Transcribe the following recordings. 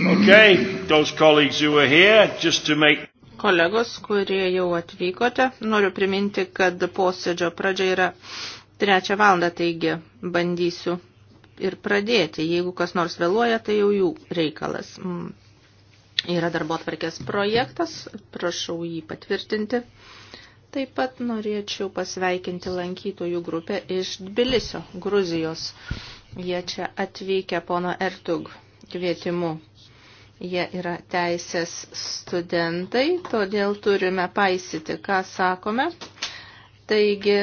Okay, those colleagues who are here, just to make... Kolegos, kurie jau atvykote, noriu priminti, kad posėdžio pradžia yra trečią valandą, taigi bandysiu ir pradėti. Jeigu kas nors vėluoja, tai jau jų reikalas. Mm. Yra darbo atvarkės projektas, prašau jį patvirtinti. Taip pat norėčiau pasveikinti lankytojų grupę iš Tbilisio, Gruzijos. Jie čia atvykę pono Ertug kvietimu Jie yra teisės studentai, todėl turime paisyti, ką sakome. Taigi,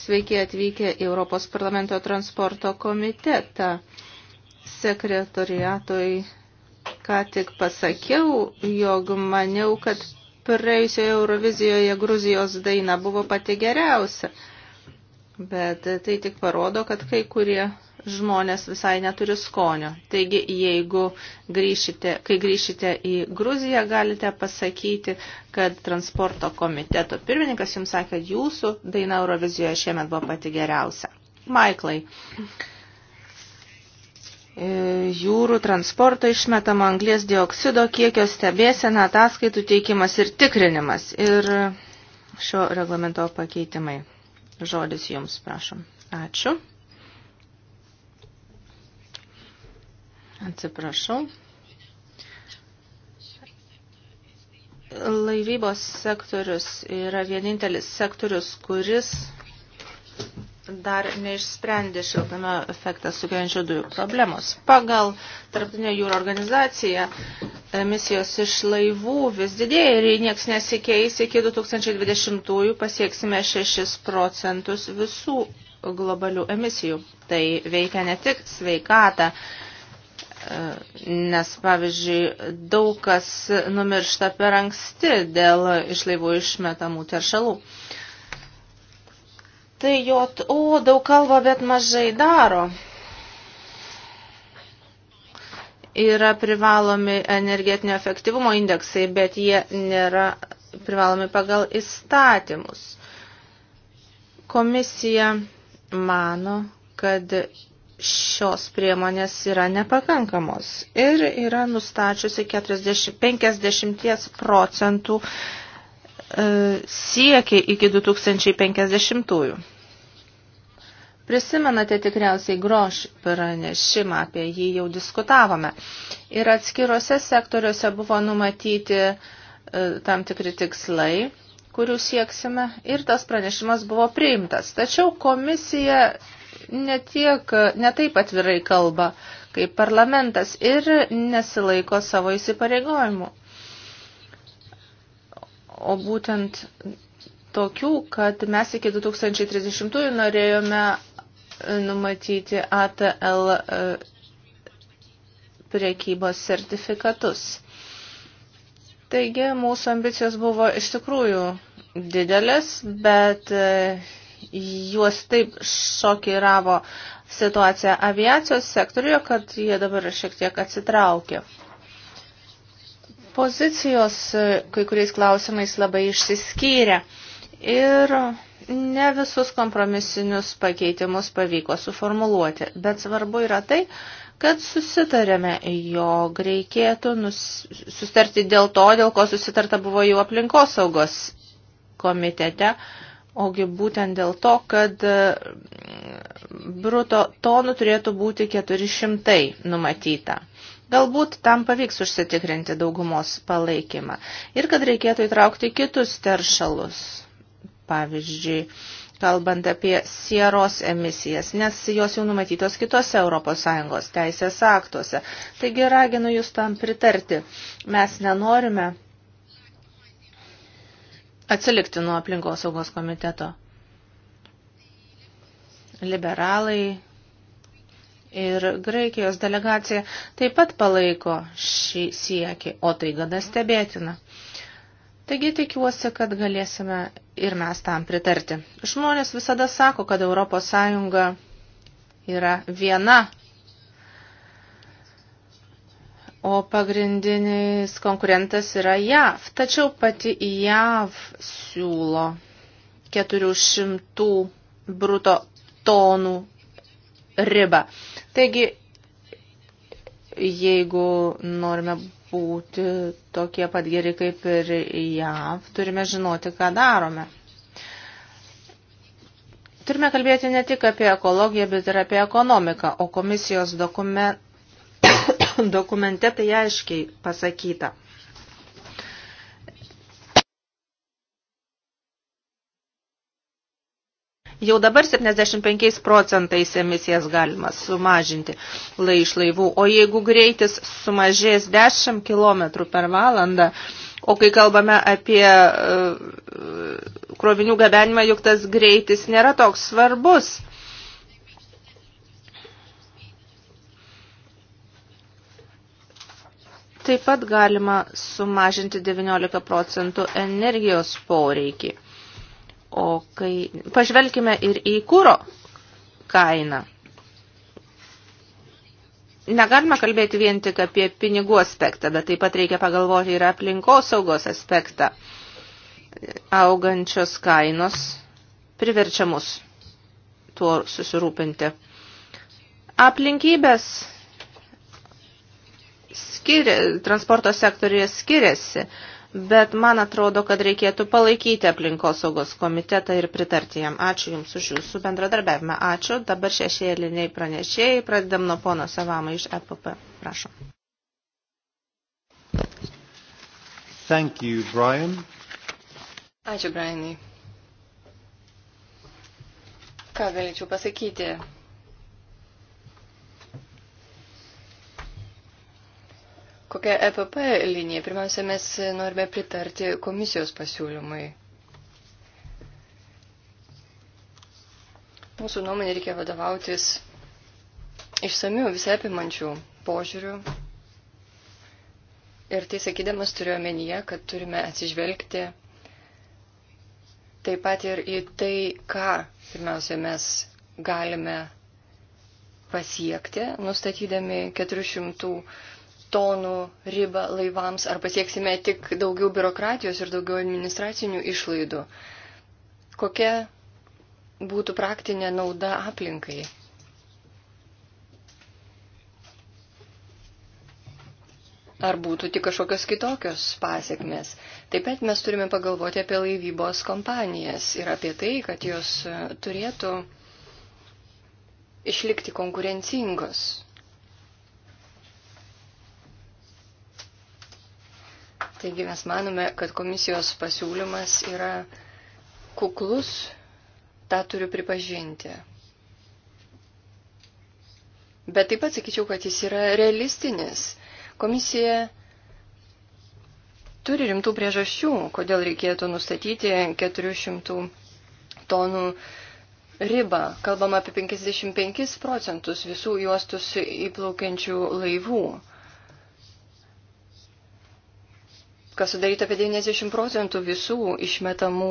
sveiki atvykę į Europos parlamento transporto komitetą. Sekretoriatoj ką tik pasakiau, jog maniau, kad praėjusioje Eurovizijoje Gruzijos daina buvo pati geriausia. Bet tai tik parodo, kad kai kurie žmonės visai neturi skonio. Taigi, jeigu grįšite, kai grįšite į Gruziją, galite pasakyti, kad transporto komiteto pirmininkas jums sakė, kad jūsų daina Eurovizijoje šiemet buvo pati geriausia. Maiklai, e, jūrų transporto išmetama anglės dioksido kiekio stebėsena, ataskaitų teikimas ir tikrinimas ir šio reglamento pakeitimai. Žodis jums, prašom. Ačiū. Atsiprašau. Laivybos sektorius yra vienintelis sektorius, kuris dar neišsprendė šiltame efektą sugeriančių dujų problemos. Pagal Tarptautinę jūrų organizaciją emisijos iš laivų vis didėja ir jei nieks nesikeis, iki 2020 pasieksime 6 procentus visų globalių emisijų. Tai veikia ne tik sveikatą, Nes, pavyzdžiui, daug kas numiršta per anksti dėl išlaivų išmetamų teršalų. Tai jo, o, daug kalba, bet mažai daro yra privalomi energetinio efektyvumo indeksai, bet jie nėra privalomi pagal įstatymus. Komisija mano, kad šios priemonės yra nepakankamos ir yra nustačiusi 40, 50 procentų e, siekį iki 2050-ųjų. Prisimenate tikriausiai groš pranešimą, apie jį jau diskutavome. Ir atskiruose sektoriuose buvo numatyti e, tam tikri tikslai, kurių sieksime, ir tas pranešimas buvo priimtas. Tačiau komisija netiek, netaip atvirai kalba kaip parlamentas ir nesilaiko savo įsipareigojimų. O būtent tokių, kad mes iki 2030 norėjome e, numatyti ATL e, priekybos sertifikatus. Taigi mūsų ambicijos buvo iš tikrųjų didelės, bet e, juos taip šokiravo situacija aviacijos sektoriuje, kad jie dabar šiek tiek atsitraukė. Pozicijos e, kai kuriais klausimais labai išsiskyrė ir ne visus kompromisinius pakeitimus pavyko suformuluoti, bet svarbu yra tai, kad susitarėme, jog reikėtų nus... sustarti dėl to, dėl ko susitarta buvo jų aplinkosaugos komitete, uh, Ogi būtent dėl to, kad e, bruto tonų turėtų būti 400 numatyta. Galbūt tam pavyks užsitikrinti daugumos palaikymą ir kad reikėtų įtraukti kitus teršalus, pavyzdžiui, kalbant apie sieros emisijas, nes jos jau numatytos kitose ES teisės aktuose. Taigi raginu jūs tam pritarti. Mes nenorime atsilikti nuo aplinkos saugos komiteto. Liberalai ir Graikijos delegacija taip pat palaiko šį siekį, o tai gana stebėtina. Taigi tikiuosi, kad galėsime ir mes tam pritarti. Žmonės visada sako, kad ES yra viena o pagrindinis konkurentas yra JAV. Tačiau pati JAV siūlo 400 bruto tonų ribą. Taigi, jeigu norime būti tokie pat geri kaip ir JAV, turime žinoti, ką darome. Turime kalbėti ne tik apie ekologiją, bet ir apie ekonomiką, o komisijos dokumentas dokumente tai aiškiai pasakyta. Jau dabar 75 procentais emisijas galima sumažinti lai iš laivų, o jeigu greitis sumažės 10 km per valandą, o kai kalbame apie uh, krovinių gabenimą, juk tas greitis nėra toks svarbus. Taip pat galima sumažinti 19 procentų energijos poreikį. O kai pažvelkime ir į kūro kainą. Negalima kalbėti vien tik apie pinigų aspektą, bet taip pat reikia pagalvoti ir aplinkosaugos aspektą. Augančios kainos priverčia mus tuo susirūpinti. Aplinkybės skiria, transporto sektorija skiriasi, bet man atrodo, kad reikėtų palaikyti aplinkosaugos komitetą ir pritarti jam. Ačiū Jums už Jūsų bendradarbiavimą. Ačiū. Dabar šešėliniai pranešėjai. Pradedam nuo pono Savamą iš EPP. Prašom. Thank you, Brian. Ačiū, Brianai. Ką galėčiau pasakyti? Kokia EPP linija? Pirmiausia, mes norime pritarti komisijos pasiūlymui. Mūsų nuomonė reikia vadovautis išsamių visai apimančių požiūrių. Ir tai sakydamas turiu omenyje, kad turime atsižvelgti taip pat ir į tai, ką pirmiausia mes galime pasiekti, nustatydami 400 tonų ribą laivams, ar pasieksime tik daugiau biurokratijos ir daugiau administracinių išlaidų. Kokia būtų praktinė nauda aplinkai? Ar būtų tik kažkokios kitokios pasiekmes? Taip pat mes turime pagalvoti apie laivybos kompanijas ir apie tai, kad jos e, turėtų išlikti konkurencingos Taigi mes manome, kad komisijos pasiūlymas yra kuklus, tą turiu pripažinti. Bet taip pat sakyčiau, kad jis yra realistinis. Komisija turi rimtų priežasčių, kodėl reikėtų nustatyti 400 tonų ribą. Kalbam apie 55 procentus visų juostus įplaukiančių laivų. kas sudaryta apie 90 procentų visų išmetamų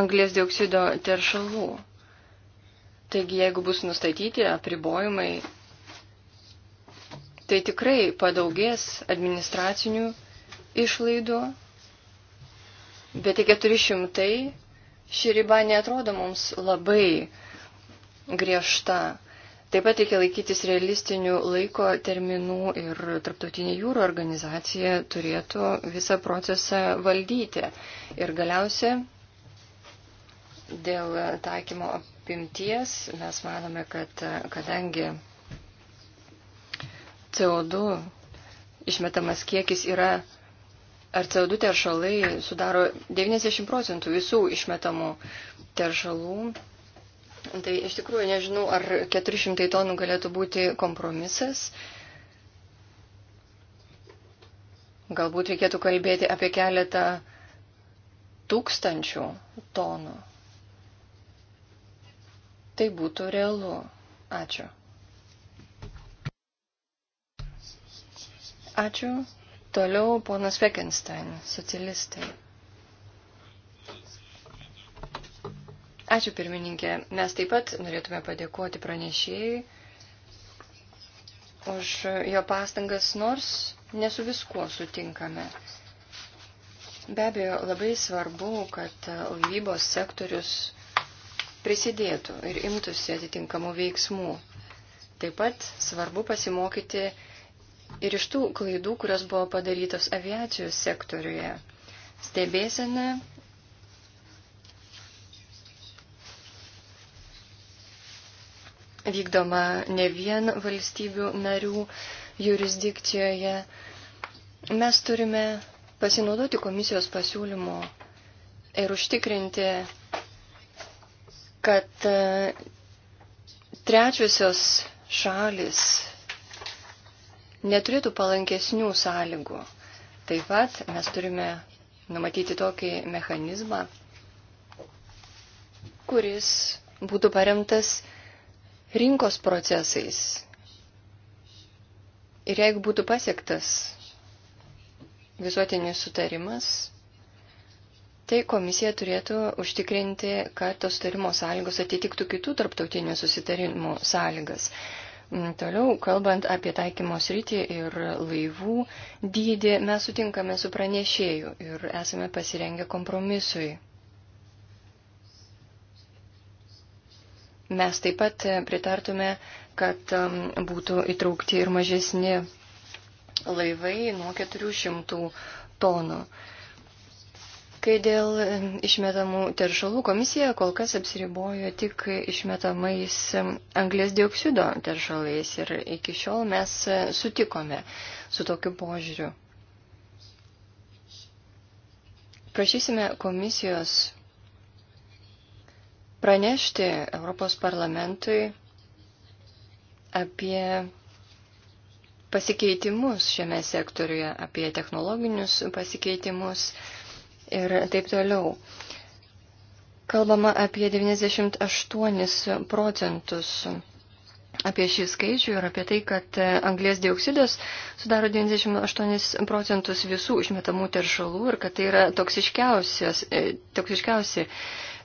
anglės dioksido teršalų. Taigi, jeigu bus nustatyti apribojimai, tai tikrai padaugės administracinių išlaidų, bet tie 400 ši riba netrodo mums labai griežta. Taip pat reikia laikytis realistinių laiko terminų ir Tarptautinė jūro organizacija turėtų visą procesą valdyti. Ir galiausia, dėl taikymo apimties mes manome, kad kadangi CO2 išmetamas kiekis yra, ar CO2 teršalai sudaro 90 procentų visų išmetamų teršalų, Tai iš tikrųjų nežinau, ar 400 tonų galėtų būti kompromisas. Galbūt reikėtų kalbėti apie keletą tūkstančių tonų. Tai būtų realu. Ačiū. Ačiū. Toliau ponas Fekenstein, socialistai. Ačiū pirmininkė. Mes taip pat norėtume padėkoti pranešėjai už jo pastangas, nors nesu viskuo sutinkame. Be abejo, labai svarbu, kad laivybos sektorius prisidėtų ir imtųsi atitinkamų veiksmų. Taip pat svarbu pasimokyti ir iš tų klaidų, kurios buvo padarytos aviacijos sektoriuje. Stebėsena vykdoma ne vien valstybių narių jurisdikcijoje. Mes turime pasinaudoti komisijos pasiūlymu ir užtikrinti, kad e, trečiosios šalis neturėtų palankesnių sąlygų. Taip pat mes turime numatyti tokį mechanizmą, kuris būtų paremtas rinkos procesais. Ir jeigu būtų pasiektas visuotinis sutarimas, tai komisija turėtų užtikrinti, kad tos sutarimo sąlygos atitiktų kitų tarptautinių susitarimų sąlygas. Mm, toliau, kalbant apie taikymo sritį ir laivų dydį, mes sutinkame su pranešėju ir esame pasirengę kompromisui. Mes taip pat e, pritartume, kad um, būtų įtraukti ir mažesni laivai nuo 400 tonų. Kai dėl um, išmetamų teršalų komisija kol kas apsiribojo tik išmetamais um, anglės dioksido teršalais ir iki šiol mes e, sutikome su tokiu požiūriu. Prašysime komisijos pranešti Europos parlamentui apie pasikeitimus šiame sektoriuje, apie technologinius pasikeitimus ir taip toliau. Kalbama apie 98 procentus apie šį skaičių ir apie tai, kad anglės dioksidas sudaro 98 procentus visų išmetamų teršalų ir kad tai yra toksiškiausi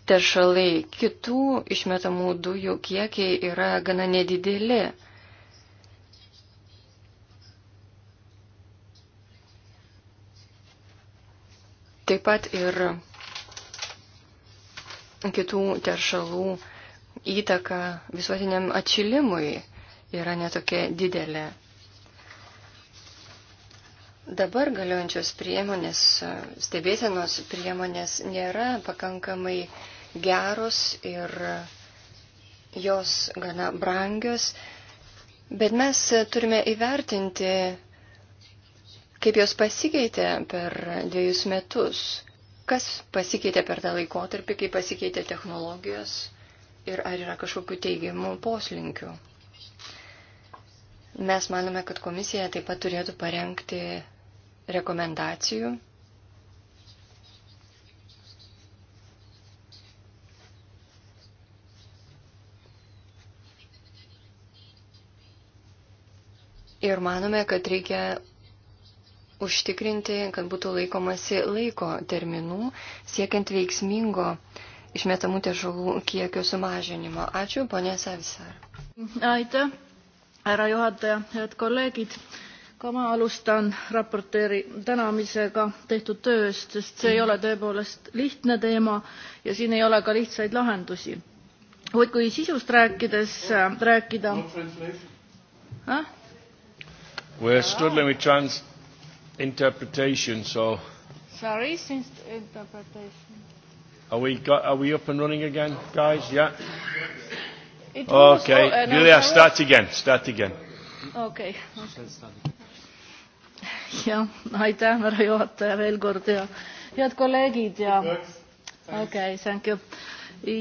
teršalai. Kitų išmetamų dujų kiekiai yra gana nedideli. Taip pat ir kitų teršalų įtaka visuotiniam atšilimui yra netokia didelė. Dabar galiojančios priemonės, stebėsenos priemonės nėra pakankamai uh, geros ir jos gana brangios, bet mes turime įvertinti, kaip jos pasikeitė per dviejus metus, kas pasikeitė per tą laikotarpį, kaip pasikeitė technologijos ir ar yra kažkokių teigiamų poslinkių. Mes manome, kad komisija taip pat turėtų parengti rekomendacijų Ir manome, kad reikia užtikrinti, kad būtų laikomasi laiko terminų, siekiant veiksmingo išmetamų teršalų kiekio sumažinimo. Ačiū, ponė Savisar. Aite, härra juhataja, head kolleegid. ka ma alustan raportööri tänamisega tehtud töö eest, sest see ei ole tõepoolest lihtne teema ja siin ei ole ka lihtsaid lahendusi. kuid kui sisust rääkides äh, rääkida no, We're struggling with trans interpretation, so. Sorry, since interpretation. Are we got? Are we up and running again, guys? Yeah. It okay, oh, Julia, start again. Start again. Okei okay.. jah, aitäh, härra juhataja veel kord ja head kolleegid ja okei okay,, thank you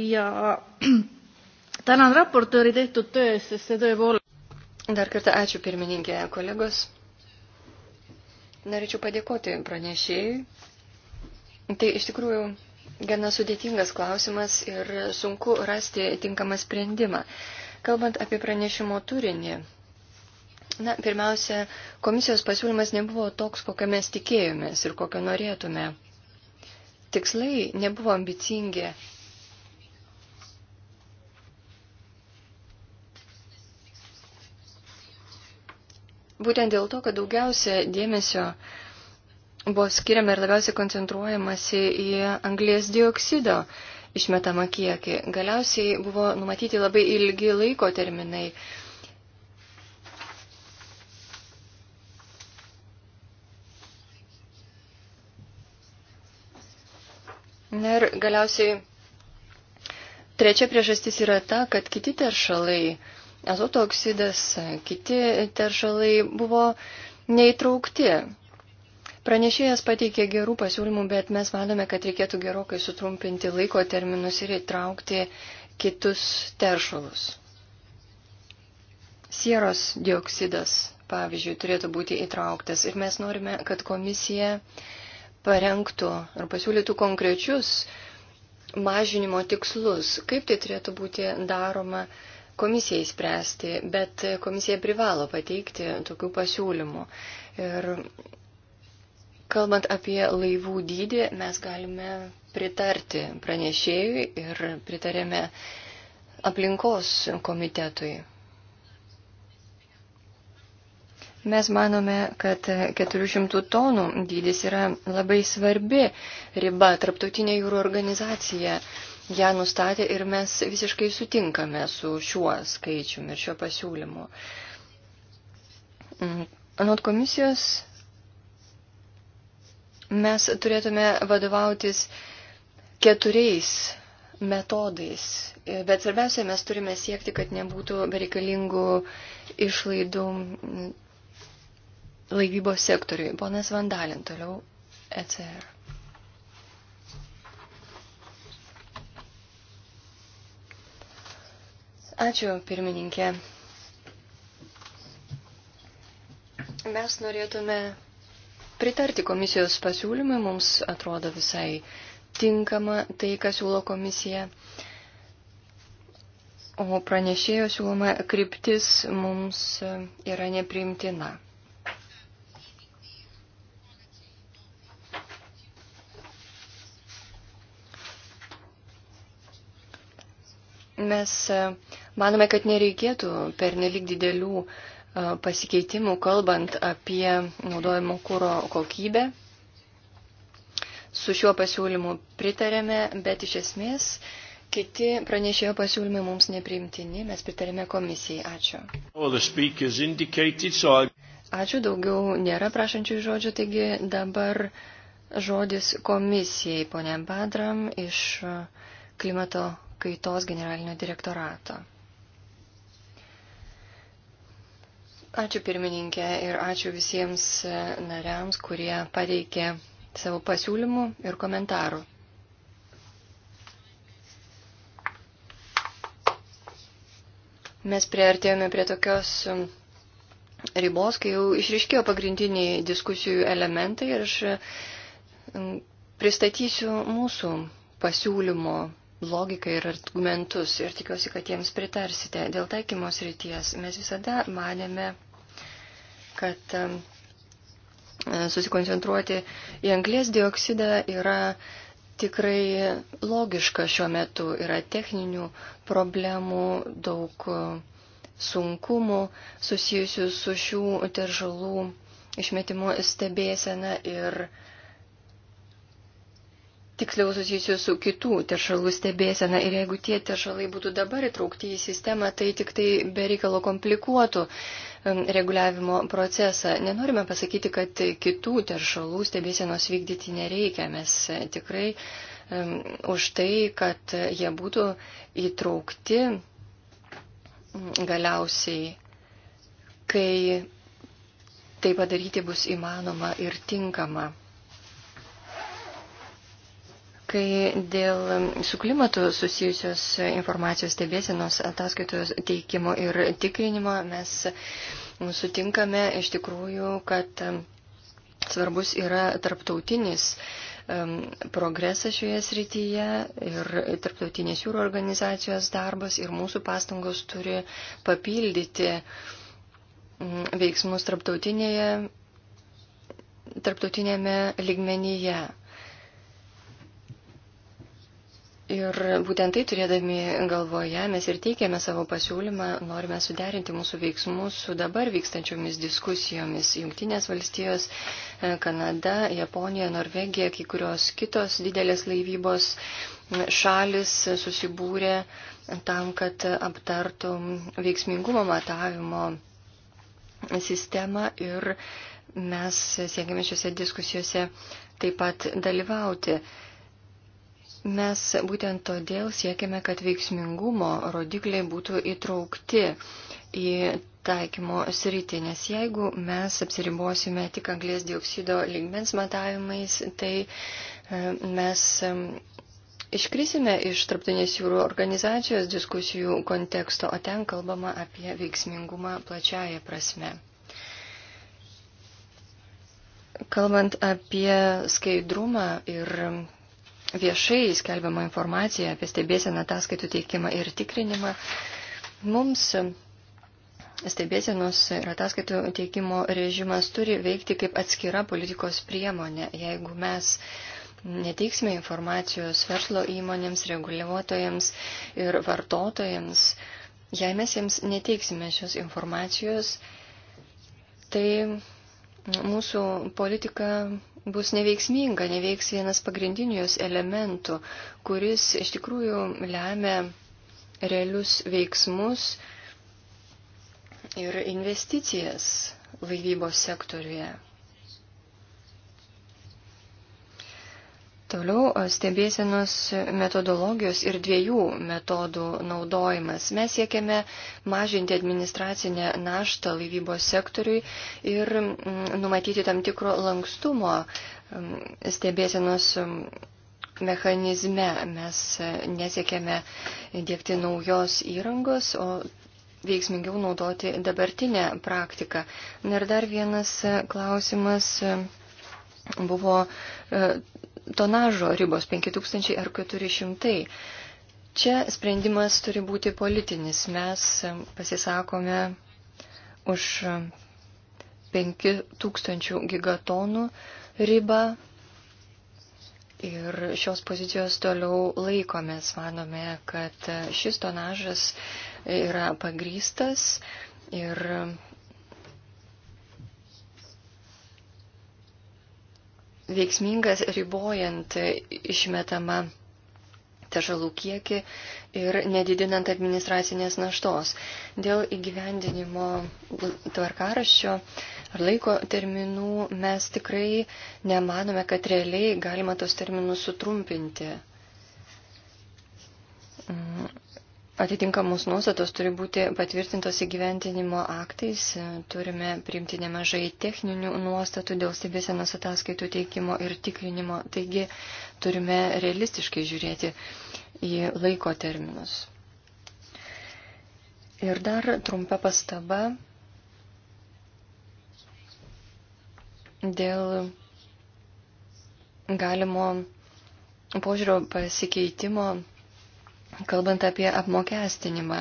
ja tänan raportööri tehtud töö eest, sest see tõepoolest Dar kartą ačiū pirmininkė, kolegos. Norėčiau padėkoti pranešėjui. Tai iš tikrųjų gana sudėtingas klausimas ir sunku rasti tinkamą sprendimą. Kalbant apie pranešimo turinį, na, pirmiausia, komisijos pasiūlymas nebuvo toks, kokio mes tikėjomės ir kokio norėtume. Tikslai nebuvo ambicingi Būtent dėl to, kad daugiausia dėmesio buvo skiriama ir labiausiai koncentruojamasi į anglės dioksido išmetamą kiekį. Galiausiai buvo numatyti labai ilgi laiko terminai. Na ir galiausiai trečia priežastis yra ta, kad kiti teršalai azoto oksidas, kiti teršalai buvo neįtraukti. Pranešėjas pateikė gerų pasiūlymų, bet mes manome, kad reikėtų gerokai sutrumpinti laiko terminus ir įtraukti kitus teršalus. Sieros dioksidas, pavyzdžiui, turėtų būti įtrauktas ir mes norime, kad komisija parengtų ar pasiūlytų konkrečius mažinimo tikslus, kaip tai turėtų būti daroma uh, komisijai spręsti, bet komisija privalo pateikti tokių pasiūlymų. Ir kalbant apie laivų dydį, mes galime pritarti pranešėjui ir pritarėme aplinkos komitetui. Mes manome, kad 400 tonų dydis yra labai svarbi riba. Tarptautinė jūrų organizacija ją nustatė ir mes visiškai sutinkame su šiuo skaičiumi ir šiuo pasiūlymu. Mm, anot komisijos mes turėtume vadovautis keturiais metodais, bet svarbiausia, mes turime siekti, kad nebūtų bereikalingų išlaidų laivybos sektoriui. Ponas Vandalin, toliau ECR. Ačiū, pirmininkė. Mes norėtume pritarti komisijos pasiūlymui, mums atrodo visai tinkama tai, ką siūlo komisija. O pranešėjo siūloma kryptis mums yra nepriimtina. Mes Manome, kad nereikėtų per nelik didelių pasikeitimų, kalbant apie naudojimo kūro kokybę. Su šiuo pasiūlymu pritarėme, bet iš esmės Kiti pranešėjo pasiūlymai mums nepriimtini, mes pritarėme komisijai. Ačiū. Ačiū, daugiau nėra prašančių žodžių, taigi dabar žodis komisijai, ponė Badram, iš klimato kaitos generalinio direktorato. Ačiū pirmininkė ir ačiū visiems e, nariams, kurie pateikė savo pasiūlymų ir komentarų. Mes priartėjome prie tokios e, ribos, kai jau išriškėjo pagrindiniai diskusijų elementai ir aš e, pristatysiu mūsų pasiūlymo logiką ir argumentus ir tikiuosi, kad jiems pritarsite. Dėl taikymos ryties mes visada manėme, kad susikoncentruoti į anglės dioksidą yra tikrai logiška šiuo metu. Yra techninių problemų, daug e, sunkumų susijusių su šių teršalų išmetimo stebėsena ir tiksliau susijusių su kitų teršalų stebėsena. Ir jeigu tie teršalai būtų dabar įtraukti į sistemą, tai tik tai bereikalo komplikuotų reguliavimo procesą. Nenorime pasakyti, kad kitų teršalų stebėsienos vykdyti nereikia. Mes e, tikrai um, už tai, kad jie būtų įtraukti galiausiai, kai tai padaryti bus įmanoma ir tinkama. Kai dėl mm, su klimatu susijusios informacijos stebėsienos ataskaitos teikimo ir tikrinimo mes mm, sutinkame iš tikrųjų, kad mm, svarbus yra tarptautinis progresas šioje srityje ir tarptautinės jūro organizacijos darbas ir mūsų pastangos turi papildyti veiksmus tarptautinėje, tarptautinėme ligmenyje. Ir būtent tai turėdami galvoje mes ir teikėme savo pasiūlymą, norime suderinti mūsų veiksmus su dabar vykstančiomis diskusijomis. Junktinės valstijos, e, Kanada, Japonija, Norvegija, kai kurios kitos didelės laivybos šalis susibūrė tam, kad aptartų veiksmingumo matavimo sistemą ir mes siekiame šiuose diskusijose taip pat dalyvauti. Mes būtent todėl siekiame, kad veiksmingumo rodikliai būtų įtraukti į taikymo sritį, nes jeigu mes apsiribosime tik anglės dioksido lygmens matavimais, tai e, mes e, iškrisime iš tarptautinės jūrų organizacijos diskusijų konteksto, o ten kalbama apie veiksmingumą plačiaja prasme. Kalbant apie skaidrumą ir viešai skelbiamą informaciją apie stebėseną ataskaitų teikimą ir tikrinimą, mums stebėsienos ir ataskaitų teikimo režimas turi veikti kaip atskira politikos priemonė. Jeigu mes neteiksime informacijos verslo įmonėms, reguliuotojams ir vartotojams, jei mes jiems neteiksime šios informacijos, tai mūsų politika bus neveiksminga, neveiks vienas pagrindinių jos elementų, kuris iš tikrųjų lemia realius veiksmus ir investicijas laivybos sektoriuje. Toliau stebėsenos metodologijos ir dviejų metodų naudojimas. Mes siekiame mažinti administracinę naštą laivybos sektoriui ir numatyti tam tikro lankstumo stebėsenos mechanizme. Mes nesiekėme dėkti naujos įrangos, o veiksmingiau naudoti dabartinę praktiką. Ir dar vienas klausimas buvo tonažo ribos 5000 ar 400. Čia sprendimas turi būti politinis. Mes pasisakome už 5000 gigatonų ribą ir šios pozicijos toliau laikomės. Manome, kad šis tonažas yra pagrystas ir veiksmingas ribojant išmetamą teršalų kiekį ir nedidinant administracinės naštos. Dėl įgyvendinimo tvarkaraščio ar laiko terminų mes tikrai nemanome, kad realiai galima tos terminus sutrumpinti. Mm. Atitinkamus nuostatos turi būti patvirtintos įgyventinimo aktais. Turime priimti nemažai techninių nuostatų dėl stebėsenos ataskaitų teikimo ir tikrinimo. Taigi turime realistiškai žiūrėti į laiko terminus. Ir dar trumpa pastaba dėl galimo požiūrio pasikeitimo Kalbant apie apmokestinimą,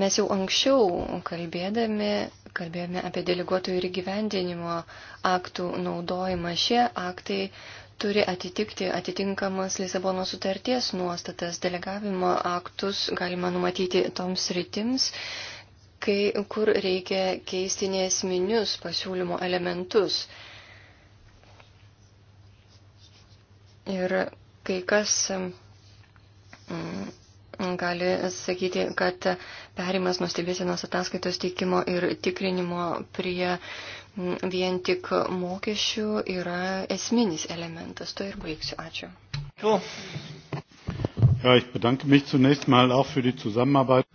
mes jau anksčiau kalbėdami, kalbėjome apie deleguotojų ir gyvendinimo aktų naudojimą. Šie aktai turi atitikti atitinkamas Lisabono sutarties nuostatas. Delegavimo aktus galima numatyti toms rytims, kai, kur reikia keisti nesminius pasiūlymo elementus. Ir kai kas Mm, gali sakyti, kad perimas nuo stebėsienos ataskaitos teikimo ir tikrinimo prie mm, vien tik mokesčių yra esminis elementas. To ir baigsiu. Ačiū. Cool. Ja, ich bedanke mich zunächst mal auch für die Zusammenarbeit.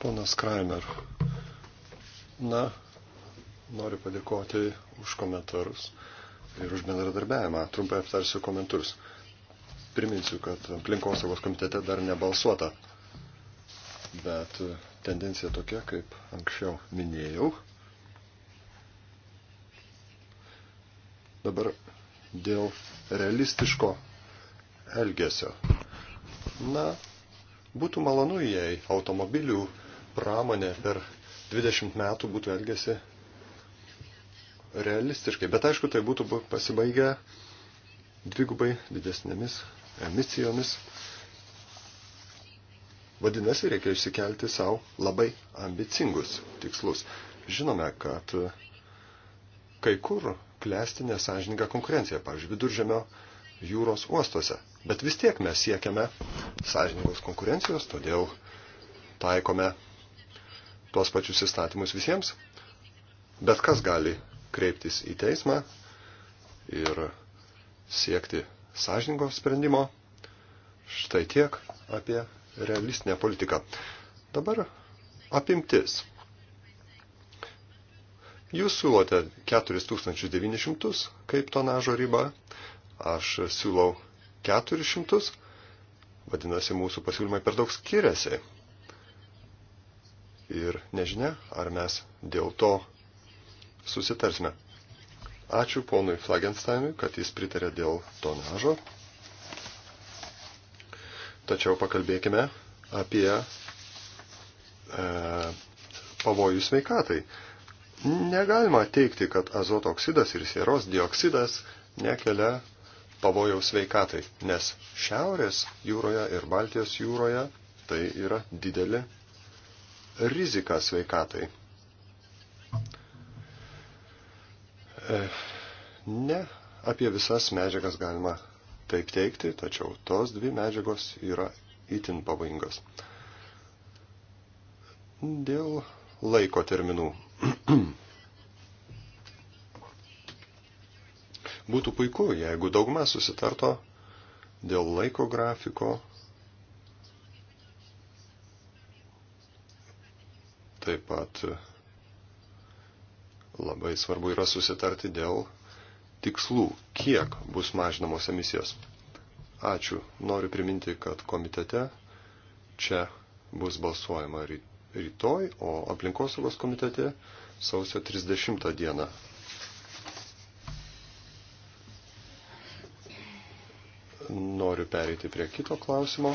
Ponas Kramer. Na, noriu padėkoti už komentarus ir už bendradarbiavimą. Trumpai aptarsiu komentarus. Priminsiu, kad aplinkosaugos komitete dar nebalsuota, bet tendencija tokia, kaip anksčiau minėjau. Dabar dėl realistiško elgesio. Na, būtų malonu, jei automobilių pramonė per 20 metų būtų elgesi realistiškai. Bet aišku, tai būtų pasibaigę dvigubai didesnėmis emisijomis. Vadinasi, reikia išsikelti savo labai ambicingus tikslus. Žinome, kad kai kur klesti nesažininga konkurencija, pavyzdžiui, viduržemio jūros uostuose. Bet vis tiek mes siekiame sąžiningos konkurencijos, todėl taikome tuos pačius įstatymus visiems. Bet kas gali kreiptis į teismą ir siekti sąžininko sprendimo. Štai tiek apie realistinę politiką. Dabar apimtis. Jūs siūlote 4900 kaip tonažo ribą, aš siūlau 400, vadinasi, mūsų pasiūlymai per daug skiriasi. Ir nežinia, ar mes dėl to susitarsime. Ačiū ponui Flagensteinui, kad jis pritarė dėl tonažo. Tačiau pakalbėkime apie e, pavojų sveikatai. Negalima teikti, kad azoto oksidas ir sieros dioksidas nekelia pavojaus sveikatai, nes Šiaurės jūroje ir Baltijos jūroje tai yra didelė rizika sveikatai. E, ne apie visas medžiagas galima taip teikti, tačiau tos dvi medžiagos yra itin pavojingos. Dėl laiko terminų. Būtų puiku, jeigu daugma susitarto dėl laiko grafiko. Taip pat Labai svarbu yra susitarti dėl tikslų, kiek bus mažinamos emisijos. Ačiū. Noriu priminti, kad komitete čia bus balsuojama rytoj, o aplinkosaugos komitete sausio 30 dieną. Noriu pereiti prie kito klausimo.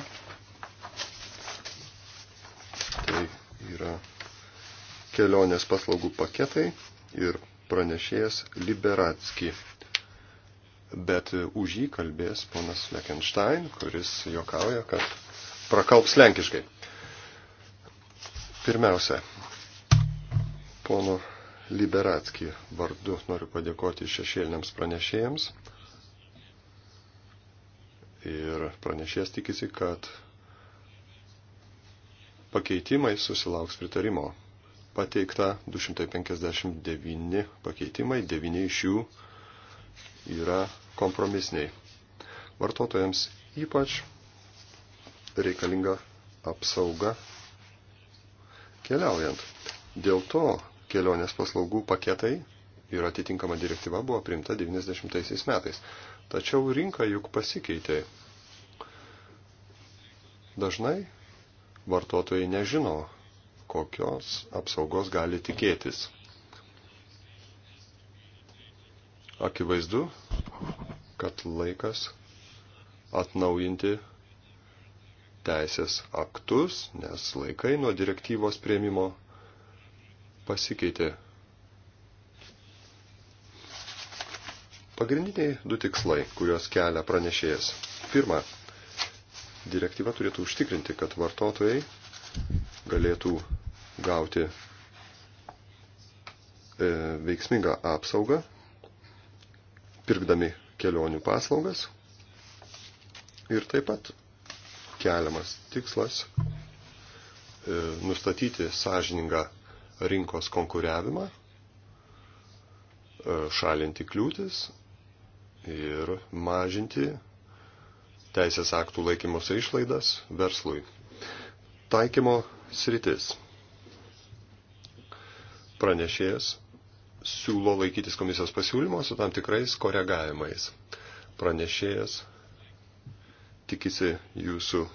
Tai yra kelionės paslaugų paketai ir pranešėjas Liberatski. Bet už jį kalbės ponas Lekenstein, kuris jokauja, kad prakalps lenkiškai. Pirmiausia, pono Liberatski vardu noriu padėkoti šešėliniams pranešėjams. Ir pranešėjas tikisi, kad pakeitimai susilauks pritarimo pateikta 259 pakeitimai, 9 iš jų yra kompromisiniai. Vartotojams ypač reikalinga apsauga keliaujant. Dėl to kelionės paslaugų paketai ir atitinkama direktyva buvo priimta 90 metais. Tačiau rinka juk pasikeitė. Dažnai vartotojai nežino, kokios apsaugos gali tikėtis. Akivaizdu, kad laikas atnaujinti teisės aktus, nes laikai nuo direktyvos prieimimo pasikeitė. Pagrindiniai du tikslai, kuriuos kelia pranešėjas. Pirma, direktyva turėtų užtikrinti, kad vartotojai galėtų gauti e, veiksmingą apsaugą, pirkdami kelionių paslaugas. Ir taip pat keliamas tikslas e, nustatyti sąžiningą rinkos konkuriavimą, e, šalinti kliūtis ir mažinti teisės aktų laikymus išlaidas verslui. Taikymo sritis pranešėjas siūlo laikytis komisijos pasiūlymo su tam tikrais koregavimais. Pranešėjas tikisi jūsų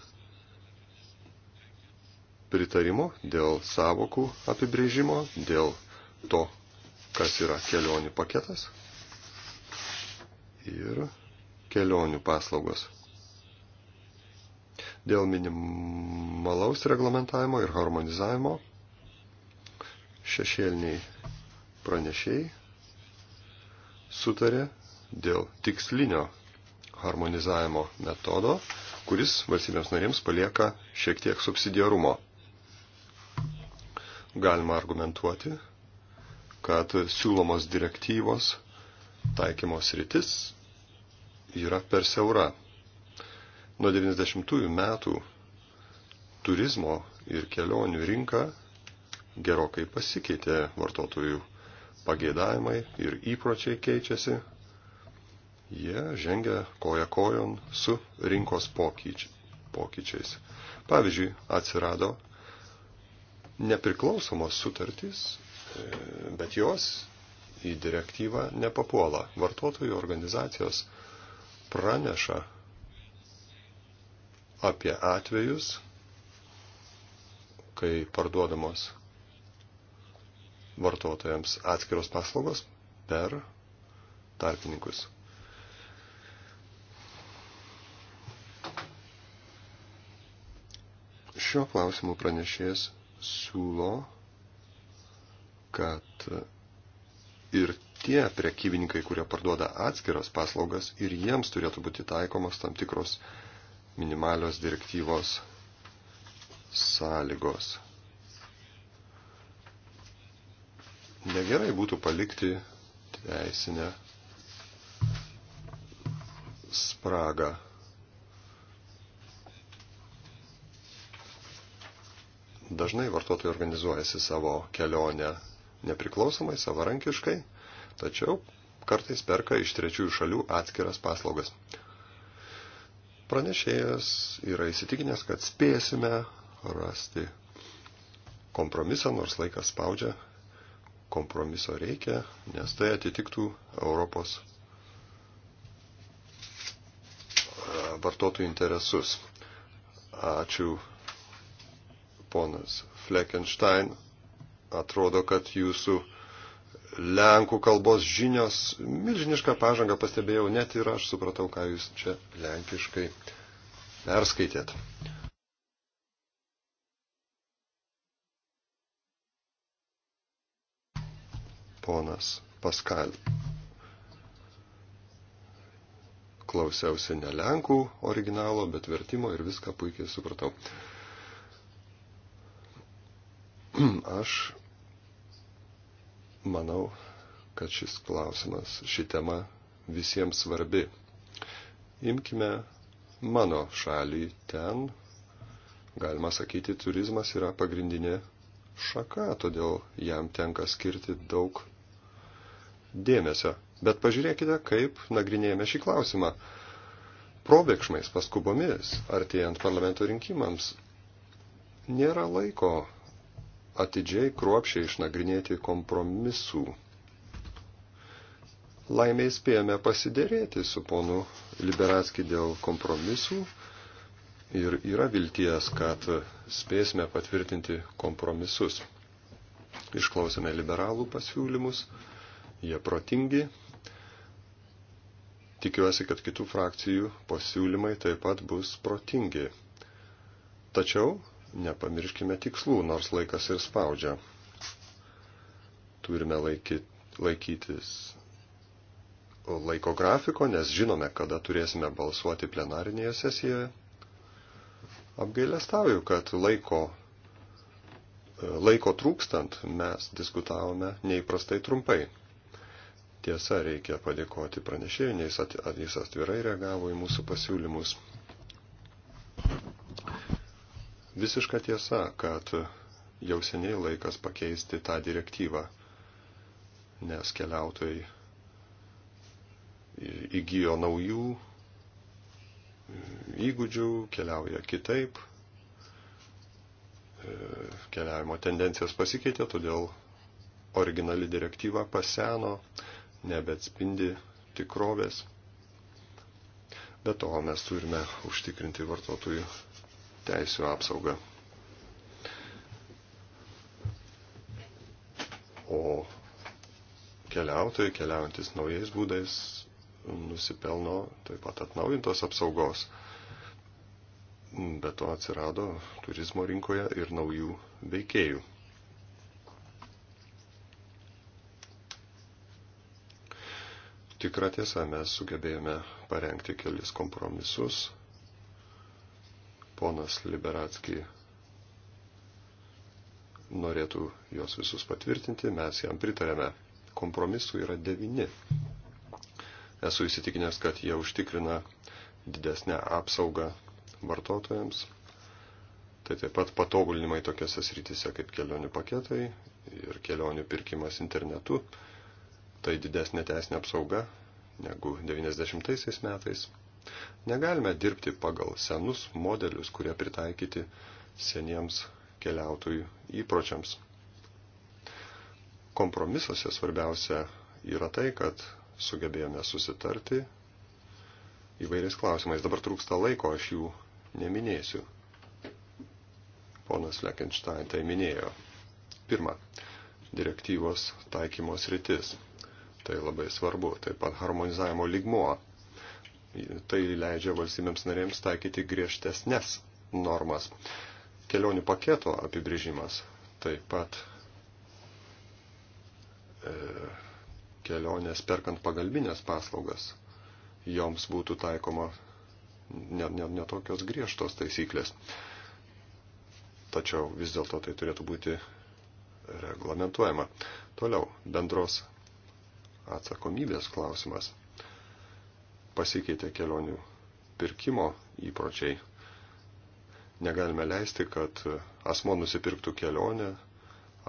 pritarimo dėl savokų apibrėžimo, dėl to, kas yra kelionių paketas ir kelionių paslaugos. Dėl minimalaus reglamentavimo ir harmonizavimo šešėliniai pranešiai sutarė dėl tikslinio harmonizavimo metodo, kuris valstybėms narėms palieka šiek tiek subsidiarumo. Galima argumentuoti, kad siūlomos direktyvos taikymos rytis yra per siaura. Nuo 90-ųjų metų turizmo ir kelionių rinka gerokai pasikeitė vartotojų pageidavimai ir įpročiai keičiasi. Jie žengia koja kojon su rinkos pokyčiais. Pavyzdžiui, atsirado nepriklausomos sutartys, e, bet jos į direktyvą nepapuola. Vartotojų organizacijos praneša apie atvejus, kai parduodamos vartotojams atskiros paslaugos per tarpininkus. Šiuo klausimu pranešėjas siūlo, kad ir tie prekybininkai, kurie parduoda atskiras paslaugas, ir jiems turėtų būti taikomos tam tikros minimalios direktyvos sąlygos. negerai būtų palikti teisinę spragą. Dažnai vartotojai organizuojasi savo kelionę nepriklausomai, savarankiškai, tačiau kartais perka iš trečiųjų šalių atskiras paslaugas. Pranešėjas yra įsitikinęs, kad spėsime rasti kompromisą, nors laikas spaudžia kompromiso reikia, nes tai atitiktų Europos e, vartotojų interesus. Ačiū, ponas Fleckenstein. Atrodo, kad jūsų lenkų kalbos žinios milžinišką pažangą pastebėjau net ir aš supratau, ką jūs čia lenkiškai perskaitėt. ponas Paskal. Klausiausi ne Lenkų originalo, bet vertimo ir viską puikiai supratau. Aš manau, kad šis klausimas, ši tema visiems svarbi. Imkime mano šalį ten, galima sakyti, turizmas yra pagrindinė šaka, todėl jam tenka skirti daug dėmesio. Bet pažiūrėkite, kaip nagrinėjame šį klausimą. Probėgšmais, paskubomis, artėjant parlamento rinkimams, nėra laiko atidžiai kruopšiai išnagrinėti kompromisų. Laimiai spėjome pasidėrėti su ponu Liberatski dėl kompromisų ir yra vilties, kad spėsime patvirtinti kompromisus. Išklausėme liberalų pasiūlymus jie protingi. Tikiuosi, kad kitų frakcijų pasiūlymai taip pat bus protingi. Tačiau nepamirškime tikslų, nors laikas ir spaudžia. Turime laikyt, laikytis laiko grafiko, nes žinome, kada turėsime balsuoti plenarinėje sesijoje. Apgailestauju, kad laiko, laiko trūkstant mes diskutavome neįprastai trumpai. Tiesa, reikia padėkoti pranešėjui, nes jis atvirai reagavo į mūsų pasiūlymus. Visiška tiesa, kad jau seniai laikas pakeisti tą direktyvą, nes keliautojai įgyjo naujų įgūdžių, keliauja kitaip, e, keliavimo tendencijos pasikeitė, todėl originali direktyva paseno, nebetspindi tikrovės. Be to mes turime užtikrinti vartotojų teisų apsaugą. O keliautojai, keliaujantis naujais būdais, nusipelno taip pat atnaujintos apsaugos. Be to atsirado turizmo rinkoje ir naujų veikėjų. tikra tiesa, mes sugebėjome parengti kelis kompromisus. Ponas Liberatski norėtų juos visus patvirtinti, mes jam pritarėme. Kompromisų yra devini. Esu įsitikinęs, kad jie užtikrina didesnę apsaugą vartotojams. Tai taip pat patobulinimai tokiose srityse kaip kelionių paketai ir kelionių pirkimas internetu tai didesnė teisinė apsauga negu 90 metais. Negalime dirbti pagal senus modelius, kurie pritaikyti seniems keliautojų įpročiams. Kompromisuose svarbiausia yra tai, kad sugebėjome susitarti įvairiais klausimais. Dabar trūksta laiko, aš jų neminėsiu. Ponas Lekenštain tai minėjo. Pirma, direktyvos taikymos rytis. Tai labai svarbu. Taip pat harmonizavimo lygmuo. Tai leidžia valstybėms narėms taikyti griežtesnės normas. Kelionių paketo apibrėžimas. Taip pat e, kelionės perkant pagalbinės paslaugas. Joms būtų taikoma netokios ne, ne, ne griežtos taisyklės. Tačiau vis dėlto tai turėtų būti reglamentuojama. Toliau bendros atsakomybės klausimas. Pasikeitė kelionių pirkimo įpročiai. Negalime leisti, kad asmo nusipirktų kelionę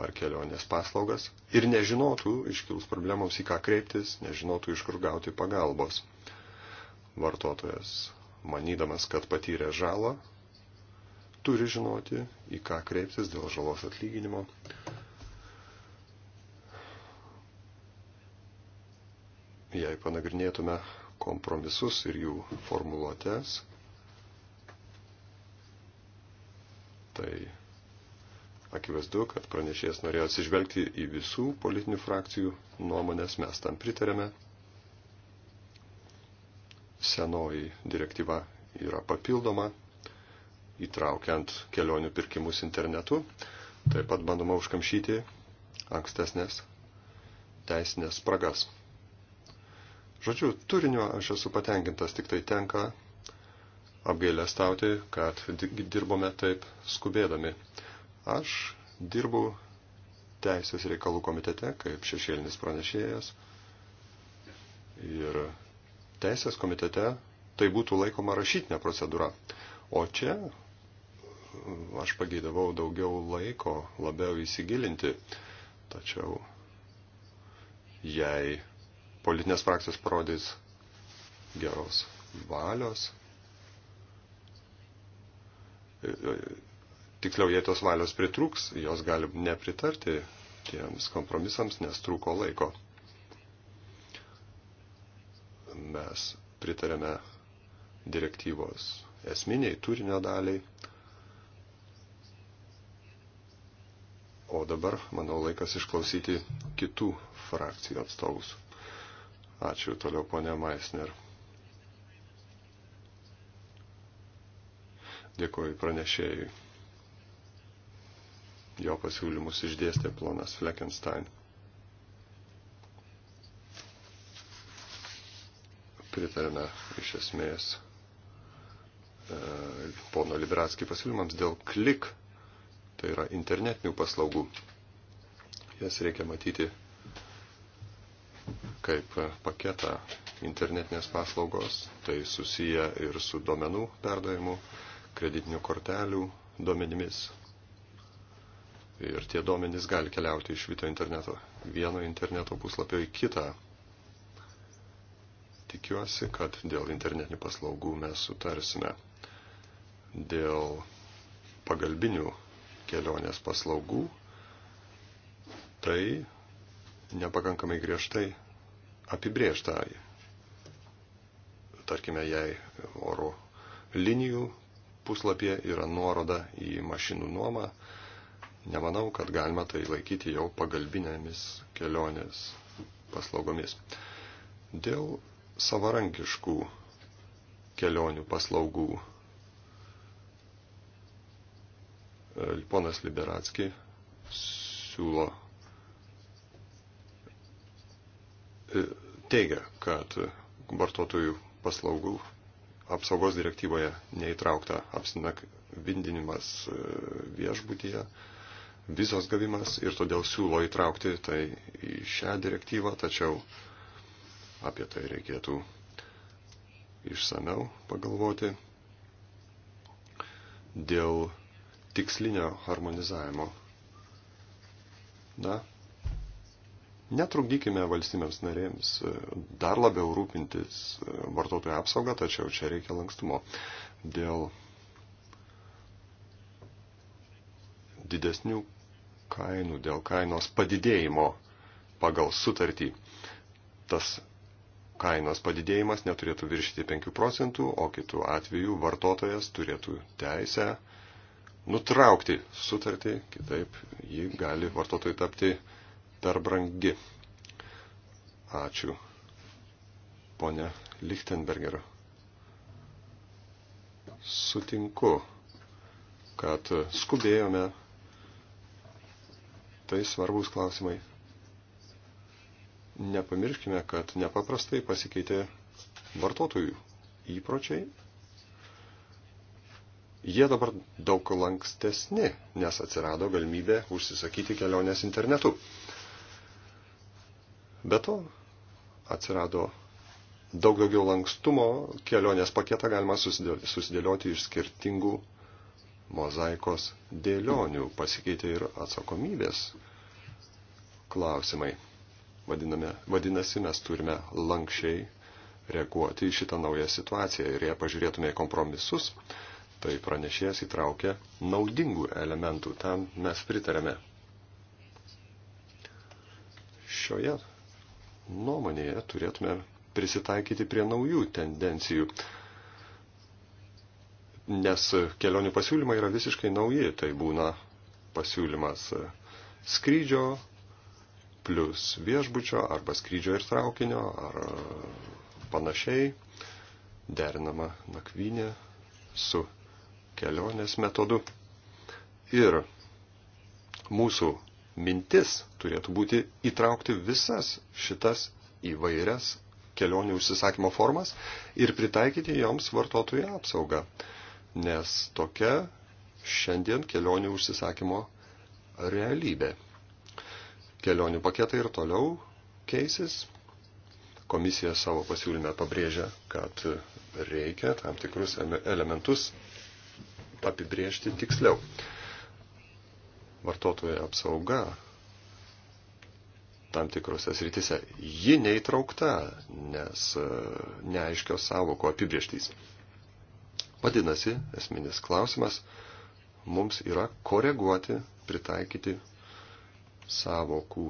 ar kelionės paslaugas ir nežinotų iškilus problemams į ką kreiptis, nežinotų iš kur gauti pagalbos. Vartotojas, manydamas, kad patyrė žalą, turi žinoti, į ką kreiptis dėl žalos atlyginimo jei panagrinėtume kompromisus ir jų formuluotės, tai akivaizdu, kad pranešėjas norėjo atsižvelgti į visų politinių frakcijų nuomonės, mes tam pritarėme. Senoji direktyva yra papildoma, įtraukiant kelionių pirkimus internetu, taip pat bandoma užkamšyti ankstesnės teisinės spragas. Žodžiu, turinio aš esu patenkintas, tik tai tenka apgailę stauti, kad dirbome taip skubėdami. Aš dirbu Teisės reikalų komitete kaip šešėlinis pranešėjas ir Teisės komitete tai būtų laikoma rašytinė procedūra. O čia aš pageidavau daugiau laiko labiau įsigilinti, tačiau jei politinės frakcijos parodys geros valios. Tiksliau, jei tos valios pritruks, jos gali nepritarti tiems kompromisams, nes trūko laiko. Mes pritarėme direktyvos esminiai turinio daliai. O dabar, manau, laikas išklausyti kitų frakcijų atstovus. Ačiū toliau, ponė Maisner. Dėkuoju pranešėjui. Jo pasiūlymus išdėstė plonas Fleckenstein. Pritarėme iš esmės e, pono Libratskį pasiūlymams dėl klik, tai yra internetinių paslaugų. Jas reikia matyti kaip paketą internetinės paslaugos, tai susiję ir su duomenų perdavimu, kreditinių kortelių duomenimis. Ir tie duomenys gali keliauti iš vito interneto, vieno interneto puslapio į kitą. Tikiuosi, kad dėl internetinių paslaugų mes sutarsime. Dėl pagalbinių kelionės paslaugų, tai nepakankamai griežtai apibriežta, tarkime, jei oro linijų puslapyje yra nuoroda į mašinų nuomą, nemanau, kad galima tai laikyti jau pagalbinėmis kelionės paslaugomis. Dėl savarankiškų kelionių paslaugų e, ponas Liberatski siūlo teigia, kad vartotojų paslaugų apsaugos direktyvoje neįtraukta apsinakvindinimas e, viešbutyje, vizos gavimas ir todėl siūlo įtraukti tai į šią direktyvą, tačiau apie tai reikėtų išsameu pagalvoti dėl tikslinio harmonizavimo. Na, Netrukdykime valstybėms narėms e, dar labiau rūpintis e, vartotojų apsaugą, tačiau čia reikia lankstumo dėl didesnių kainų, dėl kainos padidėjimo pagal sutartį. Tas kainos padidėjimas neturėtų viršyti 5 procentų, o kitų atvejų vartotojas turėtų teisę nutraukti sutartį, kitaip ji gali vartotojui tapti per brangi. Ačiū, ponė Lichtenberger. Sutinku, kad skubėjome. Tai svarbus klausimai. Nepamirškime, kad nepaprastai pasikeitė vartotojų įpročiai. Jie dabar daug lankstesni, nes atsirado galimybė užsisakyti kelionės internetu. Be to, atsirado daug daugiau lankstumo, kelionės paketą galima susidėlioti iš skirtingų mozaikos dėlionių, pasikeitė ir atsakomybės klausimai. Vadiname, vadinasi, mes turime lankščiai reaguoti į šitą naują situaciją ir jei pažiūrėtume į kompromisus, tai pranešėjas įtraukė naudingų elementų, tam mes pritarėme. Šioje nuomonėje turėtume prisitaikyti prie naujų tendencijų, nes kelionių pasiūlymai yra visiškai nauji, tai būna pasiūlymas skrydžio plus viešbučio arba skrydžio ir traukinio ar panašiai, derinama nakvynė su kelionės metodu. Ir mūsų mintis turėtų būti įtraukti visas šitas įvairias kelionių užsisakymo formas ir pritaikyti joms vartotojų apsaugą, nes tokia šiandien kelionių užsisakymo realybė. Kelionių paketai ir toliau keisis. Komisija savo pasiūlyme pabrėžia, kad reikia tam tikrus elementus apibrėžti tiksliau vartotojo apsauga tam tikrose sritise, ji neįtraukta, nes e, neaiškios savoko apibrieštys. Vadinasi, esminis klausimas mums yra koreguoti, pritaikyti savokų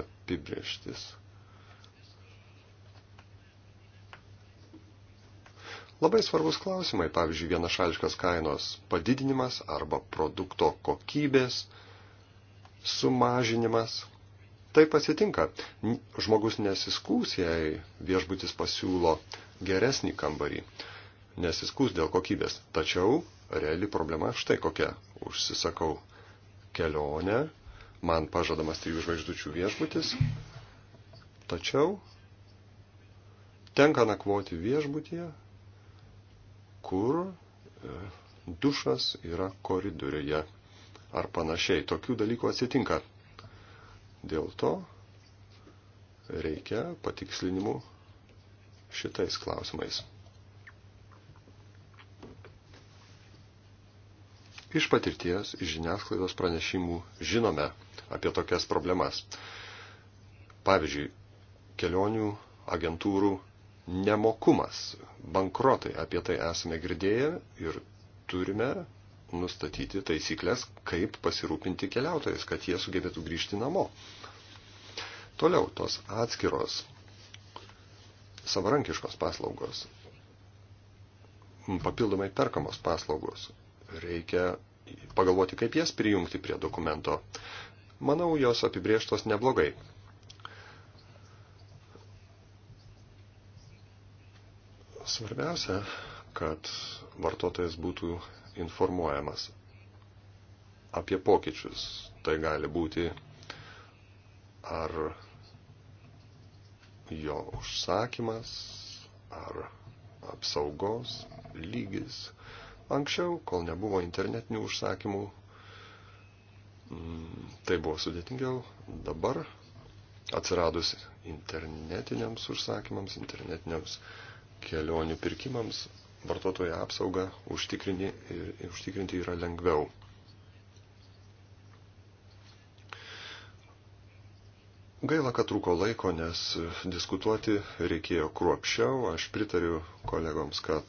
apibrieštis. Labai svarbus klausimai, pavyzdžiui, vienašališkas kainos padidinimas arba produkto kokybės, sumažinimas. Taip atsitinka. Žmogus nesiskūs, jei viešbutis pasiūlo geresnį kambarį. Nesiskūs dėl kokybės. Tačiau reali problema štai kokia. Užsisakau kelionę, man pažadamas trijų žvaigždučių viešbutis. Tačiau tenka nakvoti viešbutyje, kur e, dušas yra koridoriuje ar panašiai. Tokių dalykų atsitinka. Dėl to reikia patikslinimų šitais klausimais. Iš patirties, iš žiniasklaidos pranešimų žinome apie tokias problemas. Pavyzdžiui, kelionių agentūrų nemokumas, bankrotai, apie tai esame girdėję ir turime nustatyti taisyklės, kaip pasirūpinti keliautojais, kad jie sugebėtų grįžti namo. Toliau tos atskiros savarankiškos paslaugos, papildomai perkamos paslaugos, reikia pagalvoti, kaip jas prijungti prie dokumento. Manau, jos apibrieštos neblogai. Svarbiausia, kad vartotojas būtų informuojamas apie pokyčius. Tai gali būti ar jo užsakymas, ar apsaugos lygis. Anksčiau, kol nebuvo internetinių užsakymų, mm, tai buvo sudėtingiau. Dabar atsiradus internetiniams užsakymams, internetiniams kelionių pirkimams, vartotojo apsaugą užtikrinti yra lengviau. Gaila, kad trūko laiko, nes diskutuoti reikėjo kruopščiau. Aš pritariu kolegoms, kad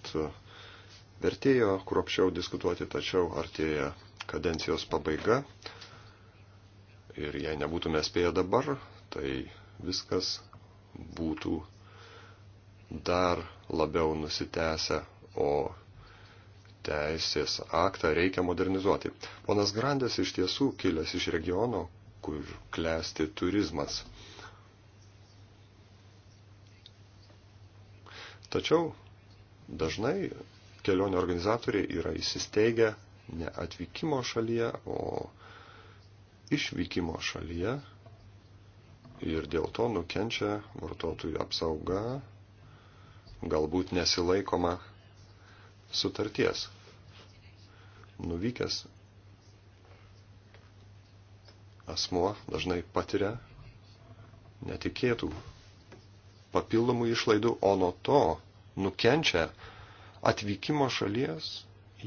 vertėjo kruopščiau diskutuoti, tačiau artėja kadencijos pabaiga. Ir jei nebūtume spėję dabar, tai viskas būtų dar labiau nusitęsę o teisės aktą reikia modernizuoti. Ponas Grandės iš tiesų kilęs iš regiono, kur klesti turizmas. Tačiau dažnai kelionių organizatoriai yra įsisteigę ne atvykimo šalyje, o išvykimo šalyje ir dėl to nukenčia vartotojų apsauga, galbūt nesilaikoma sutarties. Nuvykęs asmuo dažnai patiria netikėtų papildomų išlaidų, o nuo to nukenčia atvykimo šalies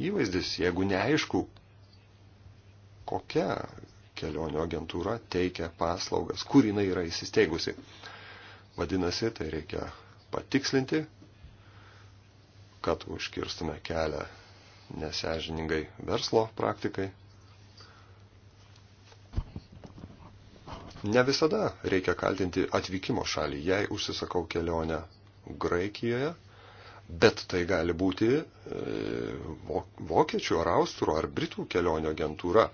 įvaizdis, jeigu neaišku, kokia kelionio agentūra teikia paslaugas, kur jinai yra įsisteigusi. Vadinasi, tai reikia patikslinti, kad užkirstume kelią nesežiningai verslo praktikai. Ne visada reikia kaltinti atvykimo šalį, jei užsisakau kelionę Graikijoje, bet tai gali būti e, vokiečių ar austrų ar britų kelionių agentūra.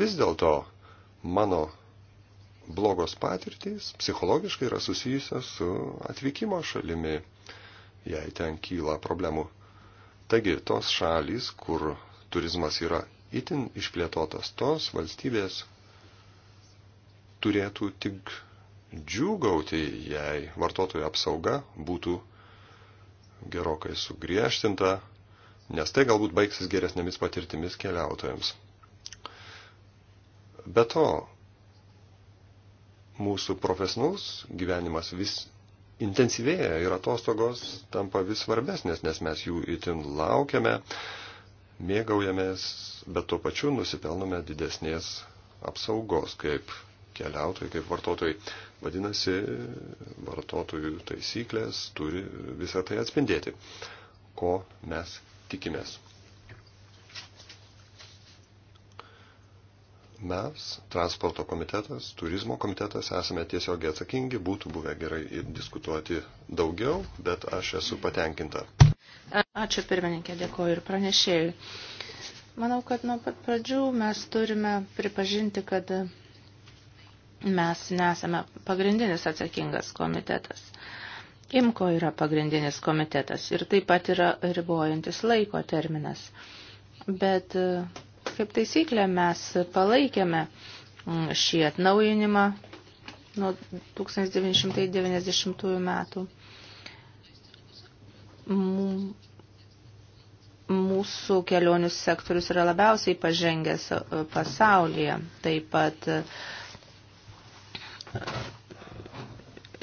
Vis dėlto mano blogos patirtys psichologiškai yra susijusios su atvykimo šalimi jei ten kyla problemų. Taigi tos šalys, kur turizmas yra itin išplėtotas, tos valstybės turėtų tik džiūgauti, jei vartotojų apsauga būtų gerokai sugriežtinta, nes tai galbūt baigsis geresnėmis patirtimis keliautojams. Be to, mūsų profesionalus gyvenimas vis intensyvėja ir atostogos tampa vis svarbesnės, nes mes jų itin laukiame, mėgaujamės, bet tuo pačiu nusipelnome didesnės apsaugos kaip keliautojai, kaip vartotojai. Vadinasi, vartotojų taisyklės turi visą tai atspindėti, ko mes tikimės. mes, transporto komitetas, turizmo komitetas, esame tiesiogiai atsakingi, būtų buvę gerai ir diskutuoti daugiau, bet aš esu patenkinta. Ačiū pirmininkė, dėkoju ir pranešėjui. Manau, kad nuo pat pradžių mes turime pripažinti, kad mes nesame pagrindinis atsakingas komitetas. Imko yra pagrindinis komitetas ir taip pat yra ribojantis laiko terminas. Bet Kaip taisyklė mes palaikėme mm, šį atnaujinimą nuo 1990 metų. Mūsų kelionių sektorius yra labiausiai pažengęs e, pasaulyje. Taip pat e,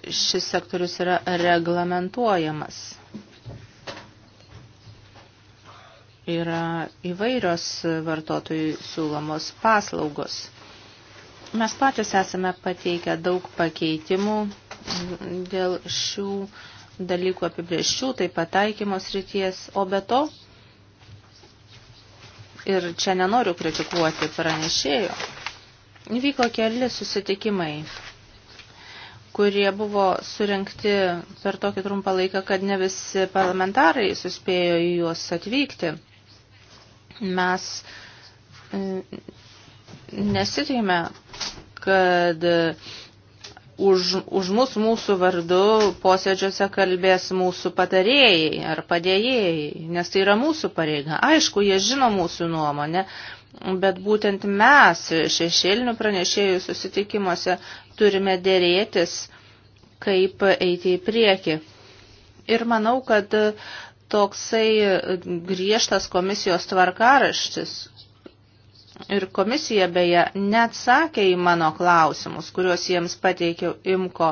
šis sektorius yra reglamentuojamas. yra įvairios vartotojų siūlomos paslaugos. Mes pačios esame pateikę daug pakeitimų dėl šių dalykų apibrieščių, taip pat taikymos ryties, o be to, ir čia nenoriu kritikuoti pranešėjo, vyko keli susitikimai, kurie buvo surinkti per tokį trumpą laiką, kad ne visi parlamentarai suspėjo į juos atvykti. Mes mm, nesitikime, kad už, už mus mūsų vardu posėdžiuose kalbės mūsų patarėjai ar padėjėjai, nes tai yra mūsų pareiga. Aišku, jie žino mūsų nuomonę, bet būtent mes šešėlinių pranešėjų susitikimuose turime dėrėtis, kaip eiti į priekį. Ir manau, kad toksai e, griežtas komisijos tvarkaraštis. Ir komisija beje neatsakė į mano klausimus, kuriuos jiems pateikiau imko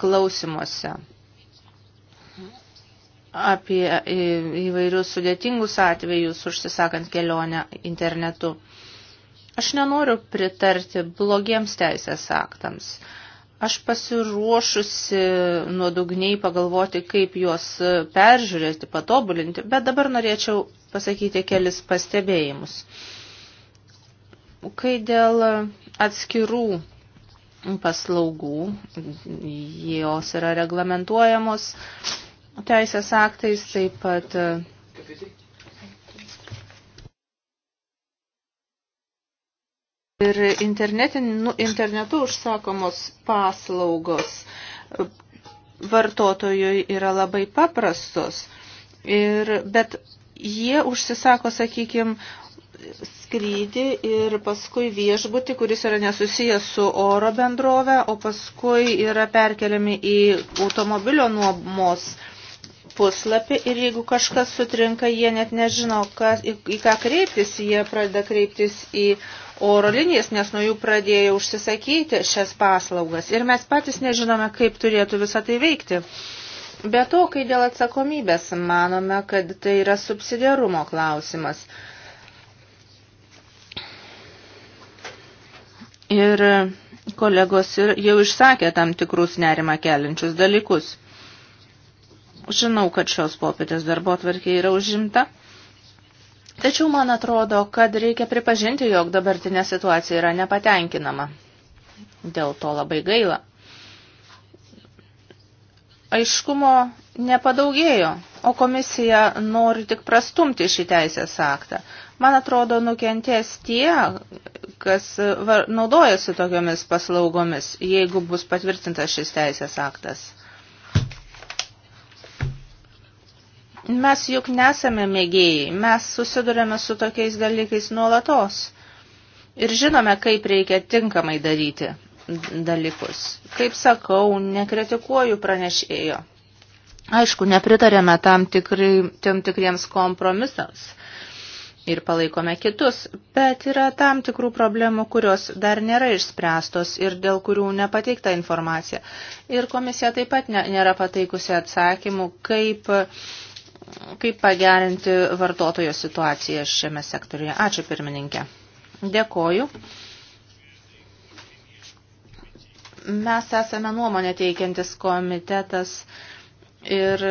klausimuose apie e, įvairius sudėtingus atvejus užsisakant kelionę internetu. Aš nenoriu pritarti blogiems teisės aktams. Aš pasiruošusi nuodugniai pagalvoti, kaip juos peržiūrėti, patobulinti, bet dabar norėčiau pasakyti kelis pastebėjimus. Kai dėl atskirų paslaugų, jos yra reglamentuojamos teisės aktais, taip pat Ir nu, internetu užsakomos paslaugos vartotojui yra labai paprastos, ir, bet jie užsisako, sakykime, skrydį ir paskui viešbutį, kuris yra nesusijęs su oro bendrove, o paskui yra perkeliami į automobilio nuomos puslapį ir jeigu kažkas sutrinka, jie net nežino, kas, į, į ką kreiptis, jie pradeda kreiptis į oro linijas, nes nuo jų pradėjo užsisakyti šias paslaugas ir mes patys nežinome, kaip turėtų visą tai veikti. Be to, kai dėl atsakomybės manome, kad tai yra subsidiarumo klausimas. Ir kolegos jau išsakė tam tikrus nerimą keliančius dalykus. Žinau, kad šios popietės darbo tvarkė yra užimta. Tačiau man atrodo, kad reikia pripažinti, jog dabartinė situacija yra nepatenkinama. Dėl to labai gaila. Aiškumo nepadaugėjo, o komisija nori tik prastumti šį teisės aktą. Man atrodo, nukentės tie, kas naudojasi tokiomis paslaugomis, jeigu bus patvirtintas šis teisės aktas. Mes juk nesame mėgėjai, mes susidurėme su tokiais dalykais nuolatos. Ir žinome, kaip reikia tinkamai daryti dalykus. Kaip sakau, nekritikuoju pranešėjo. Aišku, nepritarėme tam, tikrai, tam tikriems kompromisams ir palaikome kitus, bet yra tam tikrų problemų, kurios dar nėra išspręstos ir dėl kurių nepateikta informacija. Ir komisija taip pat nėra pateikusi atsakymų, kaip kaip pagerinti vartotojo situaciją šiame sektoriuje. Ačiū pirmininkė. Dėkoju. Mes esame nuomonė teikiantis komitetas ir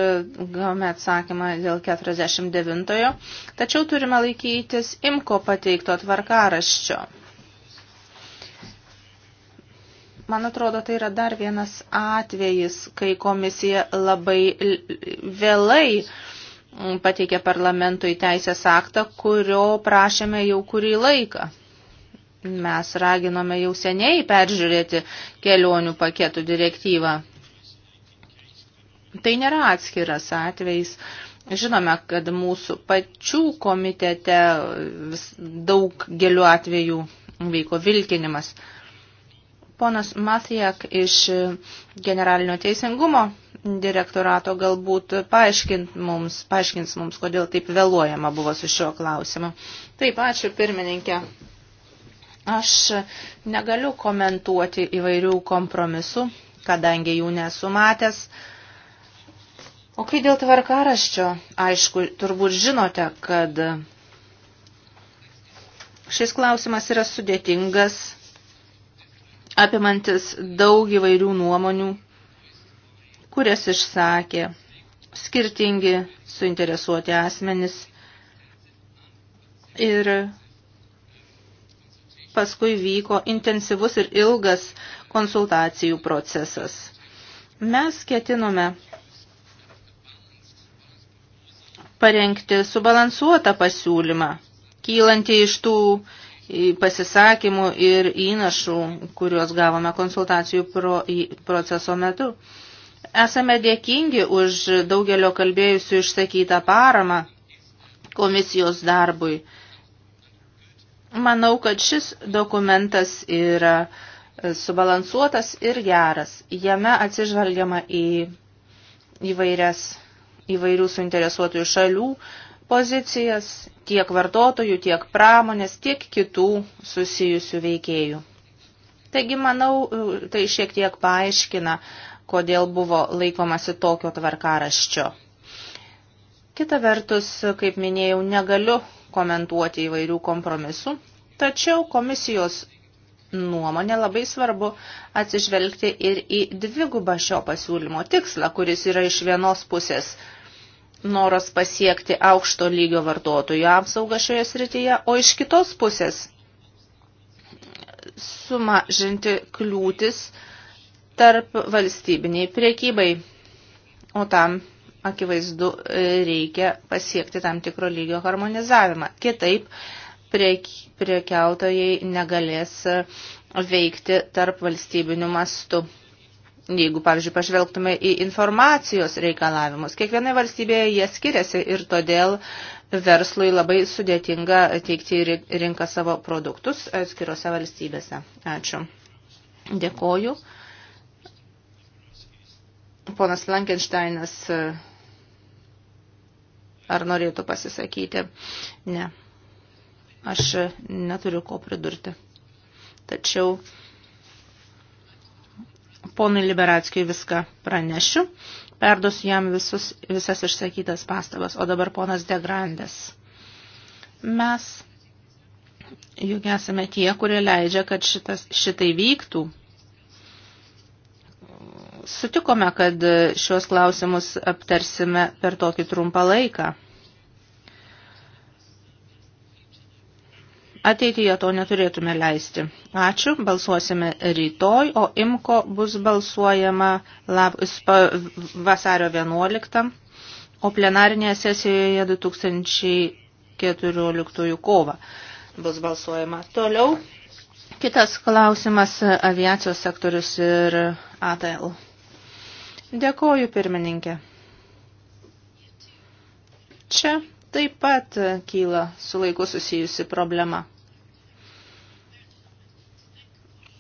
gavome atsakymą dėl 49-ojo, tačiau turime laikytis imko pateikto tvarkaraščio. Man atrodo, tai yra dar vienas atvejis, kai komisija labai vėlai uh, pateikė parlamentui teisės aktą, kurio prašėme jau kurį laiką. Mes raginome jau seniai peržiūrėti kelionių paketų direktyvą. Tai nėra atskiras atvejs. Žinome, kad mūsų pačių komitete daug gelių atvejų vyko vilkinimas. Ponas Matijak iš generalinio teisingumo direktorato galbūt paaiškint mums, paaiškins mums, kodėl taip vėluojama buvo su šiuo klausimu. Taip, ačiū pirmininkė. Aš negaliu komentuoti įvairių kompromisų, kadangi jų nesu matęs. O kai dėl tvarkaraščio, aišku, turbūt žinote, kad šis klausimas yra sudėtingas apimantis daug įvairių nuomonių, kurias išsakė skirtingi suinteresuoti asmenys ir paskui vyko intensyvus ir ilgas konsultacijų procesas. Mes ketinome parengti subalansuotą pasiūlymą, kylantį iš tų uh, pasisakymų ir įnašų, kuriuos gavome konsultacijų pro, proceso metu. Esame dėkingi už daugelio kalbėjusių išsakytą paramą komisijos darbui. Manau, kad šis dokumentas yra subalansuotas ir geras. Jame atsižvelgiama į įvairias, įvairių suinteresuotųjų šalių, pozicijas tiek vartotojų, tiek pramonės, tiek kitų susijusių veikėjų. Taigi, manau, tai šiek tiek paaiškina, kodėl buvo laikomasi tokio tvarkaraščio. Kita vertus, kaip minėjau, negaliu komentuoti įvairių kompromisų, tačiau komisijos nuomonė labai svarbu atsižvelgti ir į dvigubą šio pasiūlymo tikslą, kuris yra iš vienos pusės noras pasiekti aukšto lygio vartotojų apsaugą šioje srityje, o iš kitos pusės sumažinti kliūtis tarp valstybiniai priekybai. O tam akivaizdu reikia pasiekti tam tikro lygio harmonizavimą. Kitaip priekiautojai negalės veikti tarp valstybinių mastų. Jeigu, pavyzdžiui, pažvelgtume į informacijos reikalavimus, kiekvienai valstybėje jie skiriasi ir todėl verslui labai sudėtinga teikti į rinką savo produktus atskirose e, valstybėse. Ačiū. Dėkoju. Ponas Lankensteinas e, Ar norėtų pasisakyti? Ne. Aš e, neturiu ko pridurti. Tačiau ponui Liberatskijui viską pranešiu, perduosiu jam visus, visas išsakytas pastabas, o dabar ponas Degrandės. Mes juk esame tie, kurie leidžia, kad šitas, šitai vyktų. Sutikome, kad šios klausimus aptarsime per tokį trumpą laiką. Ateityje to neturėtume leisti. Ačiū, balsuosime rytoj, o imko bus balsuojama lab, spa, vasario 11, o plenarinėje sesijoje 2014 kovą bus balsuojama. Toliau kitas klausimas - aviacijos sektorius ir ATL. Dėkoju, pirmininkė. Čia taip pat kyla su laiku susijusi problema.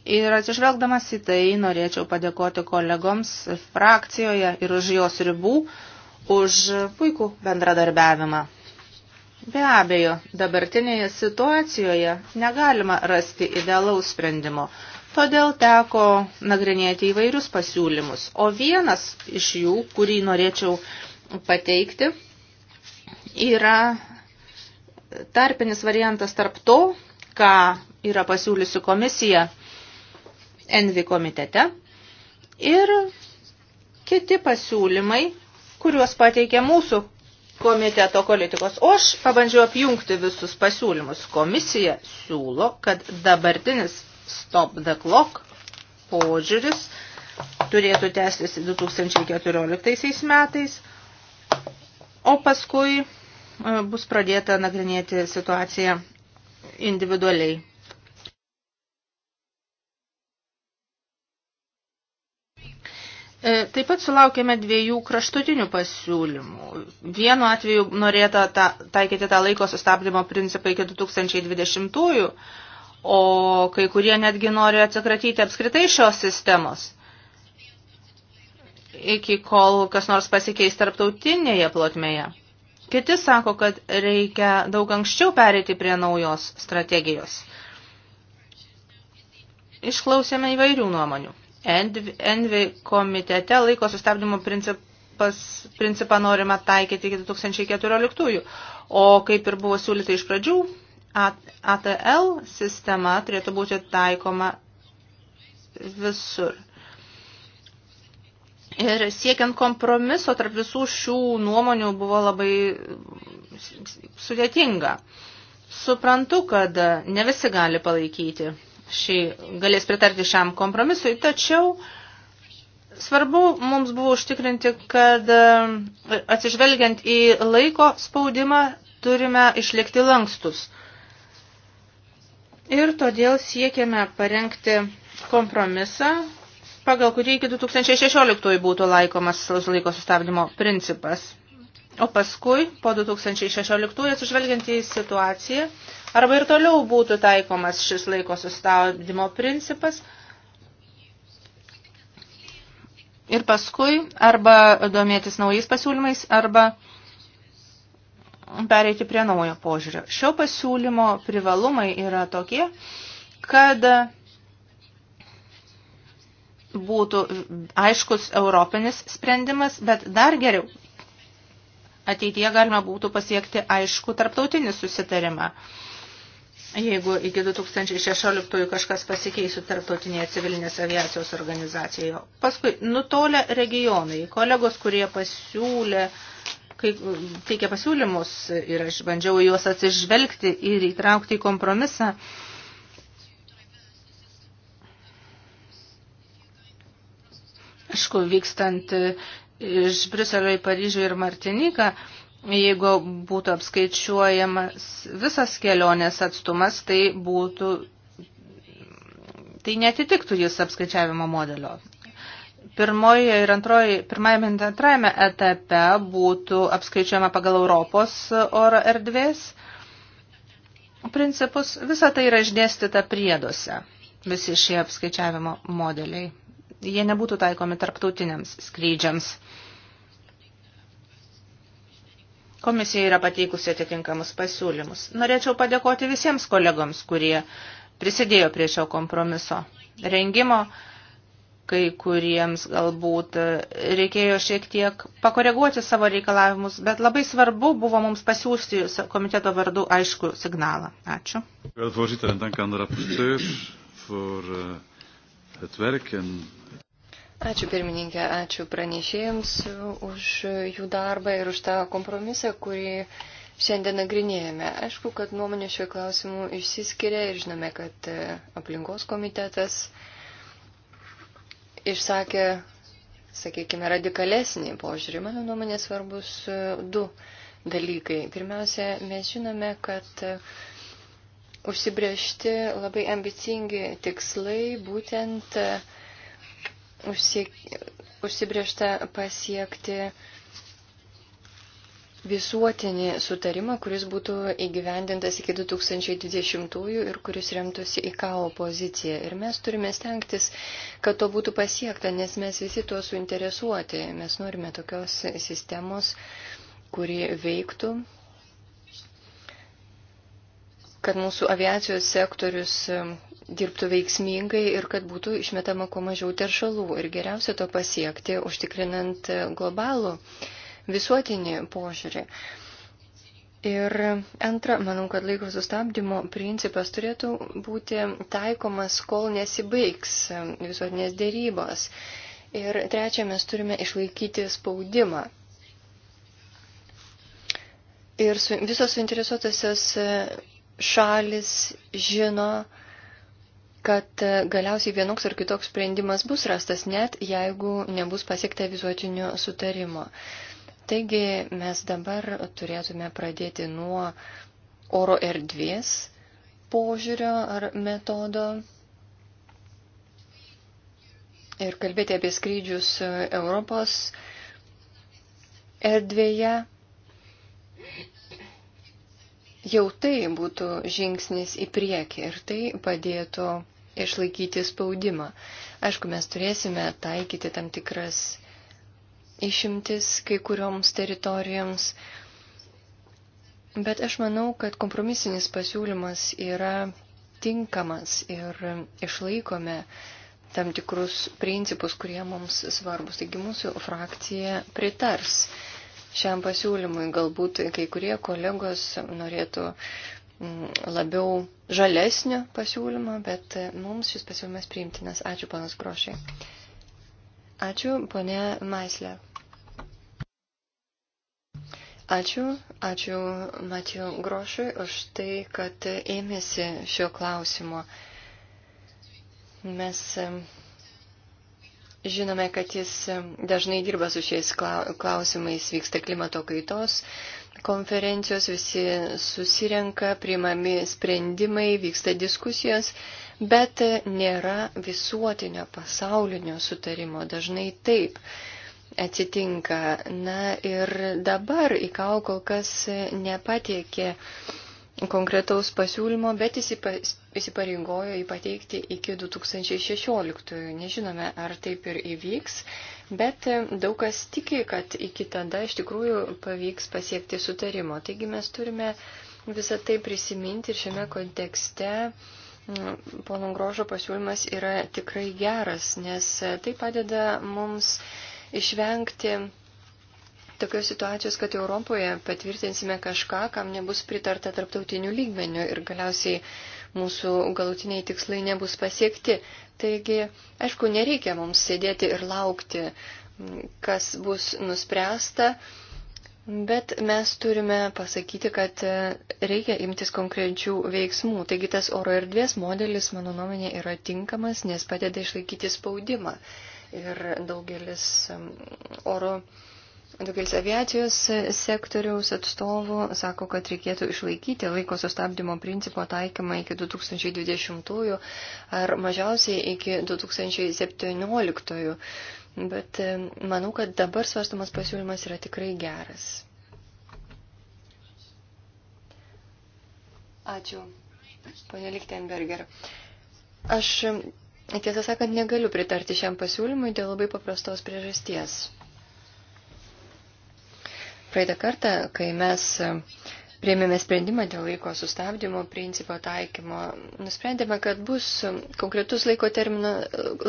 Ir atsižvelgdamas į tai norėčiau padėkoti kolegoms frakcijoje ir už jos ribų, už puikų bendradarbiavimą. Be abejo, dabartinėje situacijoje negalima rasti idealaus sprendimo, todėl teko nagrinėti įvairius pasiūlymus. O vienas iš jų, kurį norėčiau pateikti, yra tarpinis variantas tarp to, ką yra pasiūliusi komisija Envi komitete ir kiti pasiūlymai, kuriuos pateikė mūsų komiteto politikos. O aš pabandžiau apjungti visus pasiūlymus. Komisija siūlo, kad dabartinis stop the clock požiūris turėtų tęstis 2014 metais, o paskui e, bus pradėta nagrinėti situaciją individualiai E, taip pat sulaukėme dviejų kraštutinių pasiūlymų. Vienu atveju norėta ta, taikyti tą laiko sustabdymo principą iki 2020-ųjų, o kai kurie netgi nori atsikratyti apskritai šios sistemos. Iki kol kas nors pasikeis tarptautinėje plotmėje. Kiti sako, kad reikia daug anksčiau perėti prie naujos strategijos. Išklausėme įvairių nuomonių. Envi komitete laiko sustabdymo principas, principą norima taikyti iki 2014. O kaip ir buvo siūlyta iš pradžių, ATL sistema turėtų būti taikoma visur. Ir siekiant kompromiso tarp visų šių nuomonių buvo labai sudėtinga. Suprantu, kad ne visi gali palaikyti šį, galės pritarti šiam kompromisui, tačiau svarbu mums buvo užtikrinti, kad e, atsižvelgiant į laiko spaudimą turime išlikti lankstus. Ir todėl siekiame parengti kompromisą, pagal kurį iki 2016 būtų laikomas laiko sustabdymo principas. O paskui, po 2016, atsižvelgiant į situaciją, arba ir toliau būtų taikomas šis laiko sustabdymo principas, ir paskui arba domėtis naujais pasiūlymais, arba pereiti prie naujo požiūrio. Šio pasiūlymo privalumai yra tokie, kad būtų aiškus europinis sprendimas, bet dar geriau ateityje galima būtų pasiekti aišku tarptautinį susitarimą. Jeigu iki 2016 kažkas pasikeisų tarptautinėje civilinės aviacijos organizacijoje. Paskui nutolę regionai, kolegos, kurie pasiūlė, kai teikia pasiūlymus ir aš bandžiau juos atsižvelgti ir įtraukti į kompromisą, aišku, vykstant iš Briuselio į Paryžių ir Martiniką, jeigu būtų apskaičiuojamas visas kelionės atstumas, tai būtų, tai netitiktų jis apskaičiavimo modelio. Pirmoje ir antroje, pirmajame ir antrajame etape būtų apskaičiuojama pagal Europos oro erdvės principus. Visa tai yra išdėstyta prieduose, visi šie apskaičiavimo modeliai jie nebūtų taikomi tarptautiniams skrydžiams. Komisija yra pateikusi atitinkamus pasiūlymus. Norėčiau padėkoti visiems kolegoms, kurie prisidėjo prie šio kompromiso rengimo, kai kuriems galbūt reikėjo šiek tiek pakoreguoti savo reikalavimus, bet labai svarbu buvo mums pasiūsti komiteto vardu aišku signalą. Ačiū. Voorzitter, en dank aan de rapporteur voor uh, het werk en Ačiū pirmininkė, ačiū pranešėjams už jų darbą ir už tą kompromisą, kurį šiandien nagrinėjame. Aišku, kad nuomonė šiuo klausimu išsiskiria ir žinome, kad e, aplinkos komitetas išsakė, sakykime, radikalesnį požiūrį. Mano nuomonė svarbus e, du dalykai. Pirmiausia, mes žinome, kad e, užsibriežti labai ambicingi tikslai būtent užsiek, užsibriežta pasiekti visuotinį sutarimą, kuris būtų įgyvendintas iki 2020-ųjų ir kuris remtųsi į KAO poziciją. Ir mes turime stengtis, kad to būtų pasiekta, nes mes visi tuo suinteresuoti. Mes norime tokios sistemos, kuri veiktų, kad mūsų aviacijos sektorius dirbtų veiksmingai ir kad būtų išmetama kuo mažiau teršalų. Ir geriausia to pasiekti, užtikrinant globalų visuotinį požiūrį. Ir antra, manau, kad laiko sustabdymo principas turėtų būti taikomas, kol nesibaigs visuotinės dėrybos. Ir trečia, mes turime išlaikyti spaudimą. Ir su, visos suinteresuotasios šalis žino, kad galiausiai vienoks ar kitoks sprendimas bus rastas, net jeigu nebus pasiekta visuotinio sutarimo. Taigi mes dabar turėtume pradėti nuo oro erdvės požiūrio ar metodo ir kalbėti apie skrydžius Europos erdvėje jau tai būtų žingsnis į priekį ir tai padėtų išlaikyti spaudimą. Aišku, mes turėsime taikyti tam tikras išimtis kai kurioms teritorijoms, bet aš manau, kad kompromisinis pasiūlymas yra tinkamas ir išlaikome tam tikrus principus, kurie mums svarbus. Taigi mūsų frakcija pritars šiam pasiūlymui. Galbūt kai kurie kolegos norėtų Mm, labiau žalesnio pasiūlymo, bet e, mums šis pasiūlymas priimtinas. Ačiū, panas Grošiai. Ačiū, ponė Maislė. Ačiū, ačiū Matiju Grošui už tai, kad ėmėsi šio klausimo. Mes e, žinome, kad jis e, dažnai dirba su šiais klausimais, vyksta klimato kaitos konferencijos, visi susirenka, priimami sprendimai, vyksta diskusijos, bet nėra visuotinio pasaulinio sutarimo. Dažnai taip atsitinka. Na ir dabar IKAU kol kas nepatiekė konkretaus pasiūlymo, bet įsipareigojo įpateikti iki 2016. Nežinome, ar taip ir įvyks bet e, daug kas tiki, kad iki tada iš tikrųjų pavyks pasiekti sutarimo. Taigi mes turime visą tai prisiminti ir šiame kontekste. Mm, pono Grožo pasiūlymas yra tikrai geras, nes e, tai padeda mums išvengti tokios situacijos, kad Europoje patvirtinsime kažką, kam nebus pritarta tarptautinių lygmenių ir galiausiai mūsų galutiniai tikslai nebus pasiekti. Taigi, aišku, nereikia mums sėdėti ir laukti, kas bus nuspręsta, bet mes turime pasakyti, kad e, reikia imtis konkrečių veiksmų. Taigi tas oro erdvės modelis, mano nuomonė, yra tinkamas, nes padeda išlaikyti spaudimą. Ir daugelis oro erdvės Daugelis aviacijos sektoriaus atstovų sako, kad reikėtų išlaikyti laiko sustabdymo principo taikymą iki 2020 ar mažiausiai iki 2017. Bet e, manau, kad dabar svarstamas pasiūlymas yra tikrai geras. Ačiū, ponė Lichtenberger. Aš, tiesą sakant, negaliu pritarti šiam pasiūlymui dėl labai paprastos priežasties. Praeitą kartą, kai mes e, priėmėme sprendimą dėl laiko sustabdymo principo taikymo, nusprendėme, kad bus e, konkretus laiko, termino,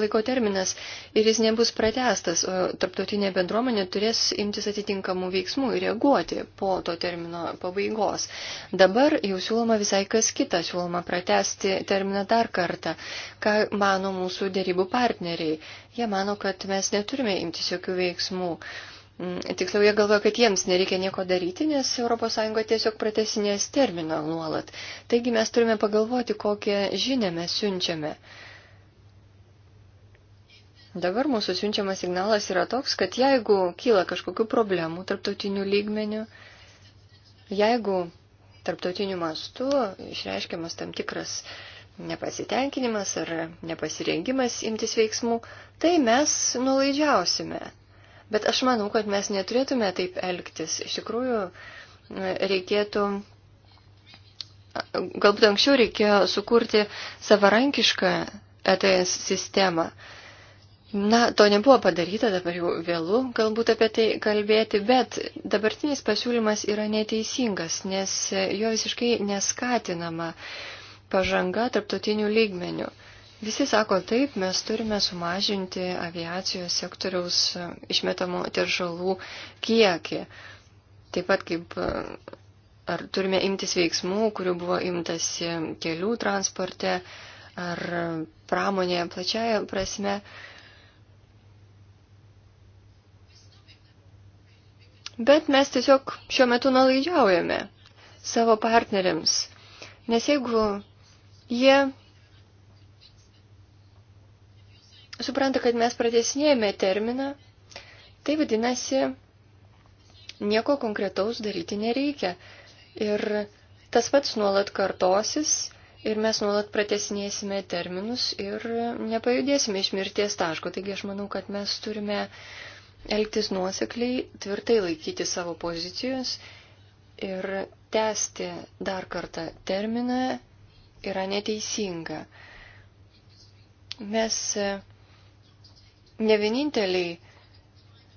laiko terminas ir jis nebus pratestas, o tarptautinė bendruomenė turės imtis atitinkamų veiksmų ir reaguoti po to termino pabaigos. Dabar jau siūloma visai kas kita, siūloma pratesti terminą dar kartą, ką mano mūsų dėrybų partneriai. Jie mano, kad mes neturime imtis jokių veiksmų. Mm, tiksliau, jie galvoja, kad jiems nereikia nieko daryti, nes ES tiesiog pratesinės terminą nuolat. Taigi mes turime pagalvoti, kokią žinę mes siunčiame. Dabar mūsų siunčiamas signalas yra toks, kad jeigu kyla kažkokių problemų tarptautinių lygmenių, jeigu tarptautinių mastų išreiškiamas tam tikras nepasitenkinimas ar nepasirengimas imtis veiksmų, tai mes nulaidžiausime, Bet aš manau, kad mes neturėtume taip elgtis. Iš tikrųjų, reikėtų, galbūt anksčiau reikėjo sukurti savarankišką ETS sistemą. Na, to nebuvo padaryta, dabar jau vėlų galbūt apie tai kalbėti, bet dabartinis pasiūlymas yra neteisingas, nes jo visiškai neskatinama pažanga tarptautinių lygmenių. Visi sako taip, mes turime sumažinti aviacijos sektoriaus e, išmetamų teršalų kiekį. Taip pat kaip e, ar turime imtis veiksmų, kurių buvo imtasi kelių transporte ar pramonėje plačiaja prasme. Bet mes tiesiog šiuo metu nalaidžiaujame savo partneriams, nes jeigu jie supranta, kad mes pratesinėjame terminą, tai vadinasi, nieko konkretaus daryti nereikia. Ir tas pats nuolat kartosis ir mes nuolat pratesinėsime terminus ir nepajudėsime iš mirties taško. Taigi aš manau, kad mes turime elgtis nuosekliai, tvirtai laikyti savo pozicijos ir tęsti dar kartą terminą yra neteisinga. Mes ne vieninteliai,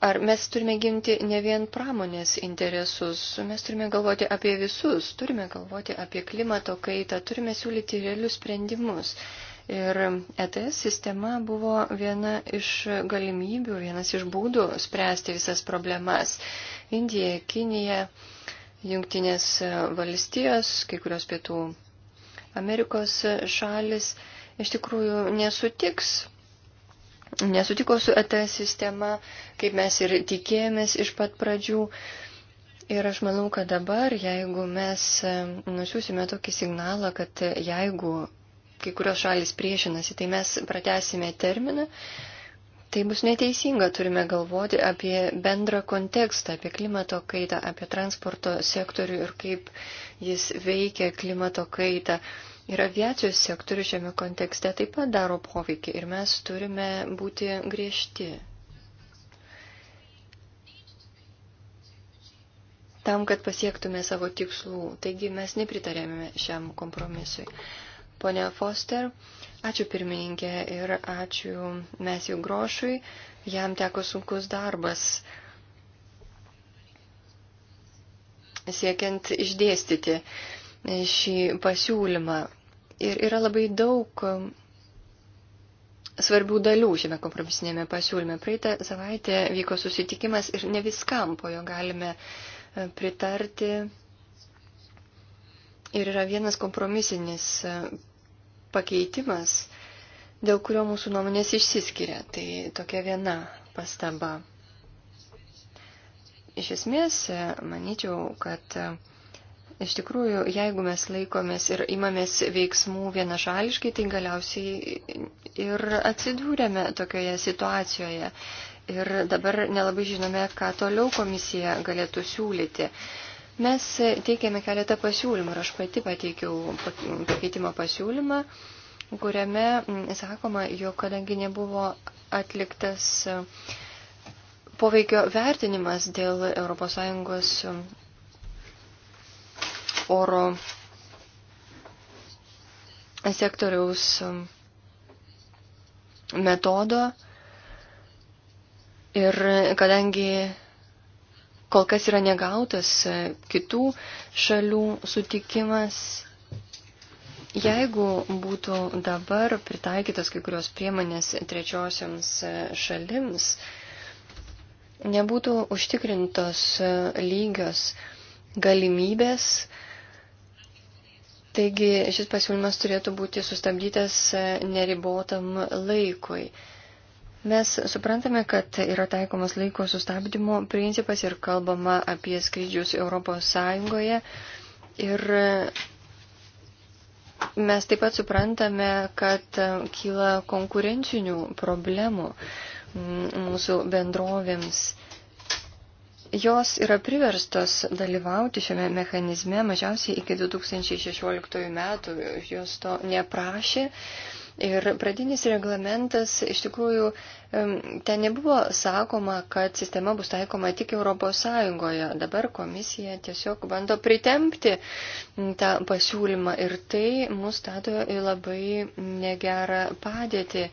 ar mes turime gimti ne vien pramonės interesus, mes turime galvoti apie visus, turime galvoti apie klimato kaitą, turime siūlyti realius sprendimus. Ir ETS sistema buvo viena iš galimybių, vienas iš būdų spręsti visas problemas. Indija, Kinija, Junktinės valstijos, kai kurios pietų Amerikos šalis iš tikrųjų nesutiks nesutiko su ETS sistema, kaip mes ir tikėjomės iš pat pradžių. Ir aš manau, kad dabar, jeigu mes e, nusiusime tokį signalą, kad jeigu kai kurios šalis priešinasi, tai mes pratesime terminą, tai bus neteisinga. Turime galvoti apie bendrą kontekstą, apie klimato kaitą, apie transporto sektorių ir kaip jis veikia klimato kaitą ir aviacijos sektorius šiame kontekste taip pat daro poveikį ir mes turime būti griežti. Tam, kad pasiektume savo tikslų. Taigi mes nepritarėme šiam kompromisui. Pone Foster, ačiū pirmininkė ir ačiū mes jų grošui. Jam teko sunkus darbas siekiant išdėstyti uh, šį pasiūlymą. Ir yra labai daug um, svarbių dalių šiame kompromisinėme pasiūlyme. Praeitą savaitę vyko susitikimas ir ne viskam po jo galime e, pritarti. Ir yra vienas kompromisinis e, pakeitimas, dėl kurio mūsų nuomonės išsiskiria. Tai tokia viena pastaba. Iš esmės, e, manyčiau, kad Iš tikrųjų, jeigu mes laikomės ir imamės veiksmų vienašališkai, tai galiausiai ir atsidūrėme tokioje situacijoje. Ir dabar nelabai žinome, ką toliau komisija galėtų siūlyti. Mes teikėme keletą pasiūlymų ir aš pati pateikiau pakeitimo pasiūlymą, kuriame sakoma, jog kadangi nebuvo atliktas poveikio vertinimas dėl ES oro sektoriaus metodo. Ir kadangi kol kas yra negautas kitų šalių sutikimas, jeigu būtų dabar pritaikytas kai kurios priemonės trečiosiams šalims, nebūtų užtikrintos lygios galimybės Taigi šis pasiūlymas turėtų būti sustabdytas e, neribotam laikui. Mes suprantame, kad yra taikomas laiko sustabdymo principas ir kalbama apie skrydžius Europos Sąjungoje. Ir e, mes taip pat suprantame, kad e, kyla konkurencinių problemų mūsų bendrovėms jos yra priverstos dalyvauti šiame mechanizme mažiausiai iki 2016 metų, jos to neprašė. Ir pradinis reglamentas, iš tikrųjų, ten nebuvo sakoma, kad sistema bus taikoma tik ES. Dabar komisija tiesiog bando pritempti tą pasiūlymą ir tai mus stato į labai negerą padėtį